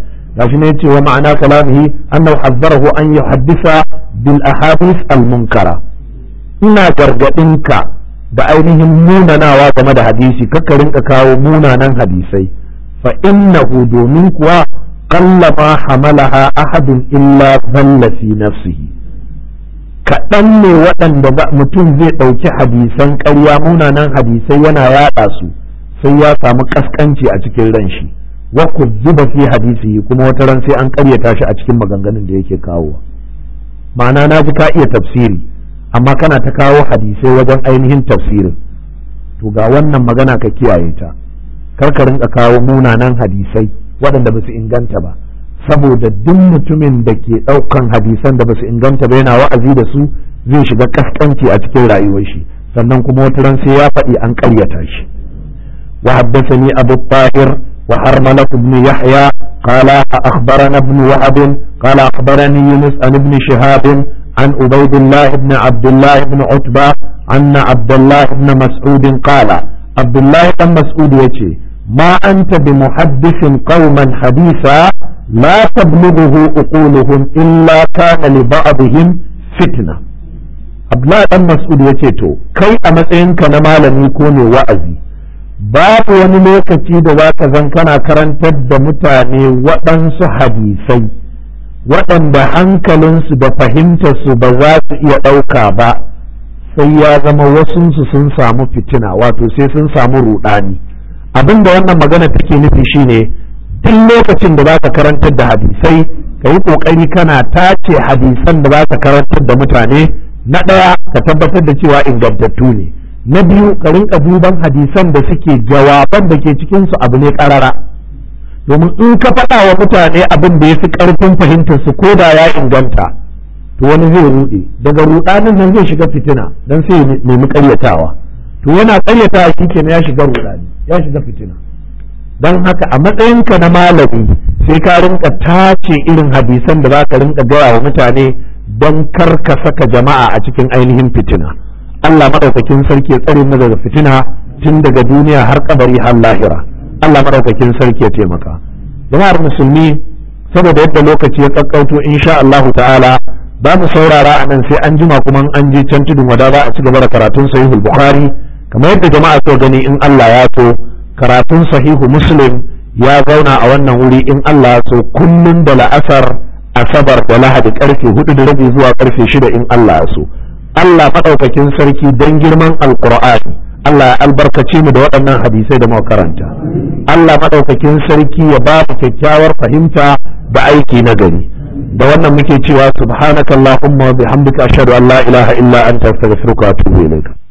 shi ne cewa ma'ana kalamihi annahu hazzarahu an yuhaddisa bil ahadith al munkara ina gargadin ka da ainihin munanawa game da hadisi kaka rinka kawo munanan hadisai fa innahu domin kuwa qallama hamalaha ahadun illa dhalla fi nafsihi kaɗan ne waɗanda mutum zai ɗauki hadisan ƙarya munanan hadisai yana yaɗa su sai ya samu ƙasƙanci a cikin ran shi wa kuzziba fi hadisi kuma wata ran sai an karyata shi a cikin maganganun da yake kawo ma'ana na ji ka iya tafsiri amma kana ta kawo hadisai wajen ainihin tafsirin to ga wannan magana ka kiyaye ta kar ka rinka kawo munanan hadisai waɗanda ba su inganta ba saboda duk mutumin da ke ɗaukan hadisan da ba su inganta ba yana wa'azi da su zai shiga kaskanci a cikin rayuwar shi sannan kuma wata ran sai ya faɗi an karyata shi wa haddathani abu tahir وحرملة بن يحيى قال أخبرنا ابن وهب قال أخبرني يونس عن ابن شهاب عن عبيد الله بن عبد الله بن عتبة عن عبد الله بن مسعود قال عبد الله بن مسعود يتي ما أنت بمحدث قوما حديثا لا تبلغه أقولهم إلا كان لبعضهم فتنة عبد الله بن مسعود يتي تو كي أمسينك نمالا يكون وأزي babu wani lokaci da za ka zan kana karantar da mutane waɗansu hadisai waɗanda hankalinsu da fahimtarsu ba za su iya ɗauka ba sai ya zama wasunsu sun samu fitina wato sai sun samu ruɗani abin da wannan magana take nufi shine duk lokacin da za ka karantar da hadisai ka yi ƙoƙari kana tace hadisan da za ka karantar da mutane na ɗaya ka tabbatar da cewa ingantattu ne na biyu ka rinka duban hadisan da suke jawaban da ke cikinsu su abu ne karara domin in ka faɗa wa mutane abin da ya fi ƙarfin fahimtar su ko da ya inganta to wani zai ruɗe daga ruɗanin nan zai shiga fitina dan sai nemi ƙaryatawa to yana ƙaryatawa shikenan ya shiga ruɗani ya shiga fitina dan haka a matsayin ka na malami sai ka rinka tace irin hadisan da za ka rinka gaya wa mutane don kar ka saka jama'a a cikin ainihin fitina Allah madaukakin sarki ya tsare mu daga fitina tun daga duniya har kabari har lahira Allah madaukakin sarki ya taimaka jama'ar musulmi saboda yadda lokaci ya kakkauto insha Allahu ta'ala ba mu saurara a nan sai an jima kuma an je can tudun wada za a ci gaba da karatun sahihul bukhari kamar yadda jama'a so gani in Allah ya so karatun sahihu muslim ya zauna a wannan wuri in Allah ya so kullum da la'asar asabar da lahadi karfe hudu da rabi zuwa karfe shida in Allah ya so Allah faɗaukakin sarki don girman alkur'ani Allah ya albarkace mu da waɗannan hadisai da makaranta Allah maɗaukakin sarki ya ba mu kyakkyawar fahimta da aiki na gari da wannan muke cewa subhanakallahumma wa bihamdika ashhadu an la ilaha illa anta astaghfiruka wa atubu ilayk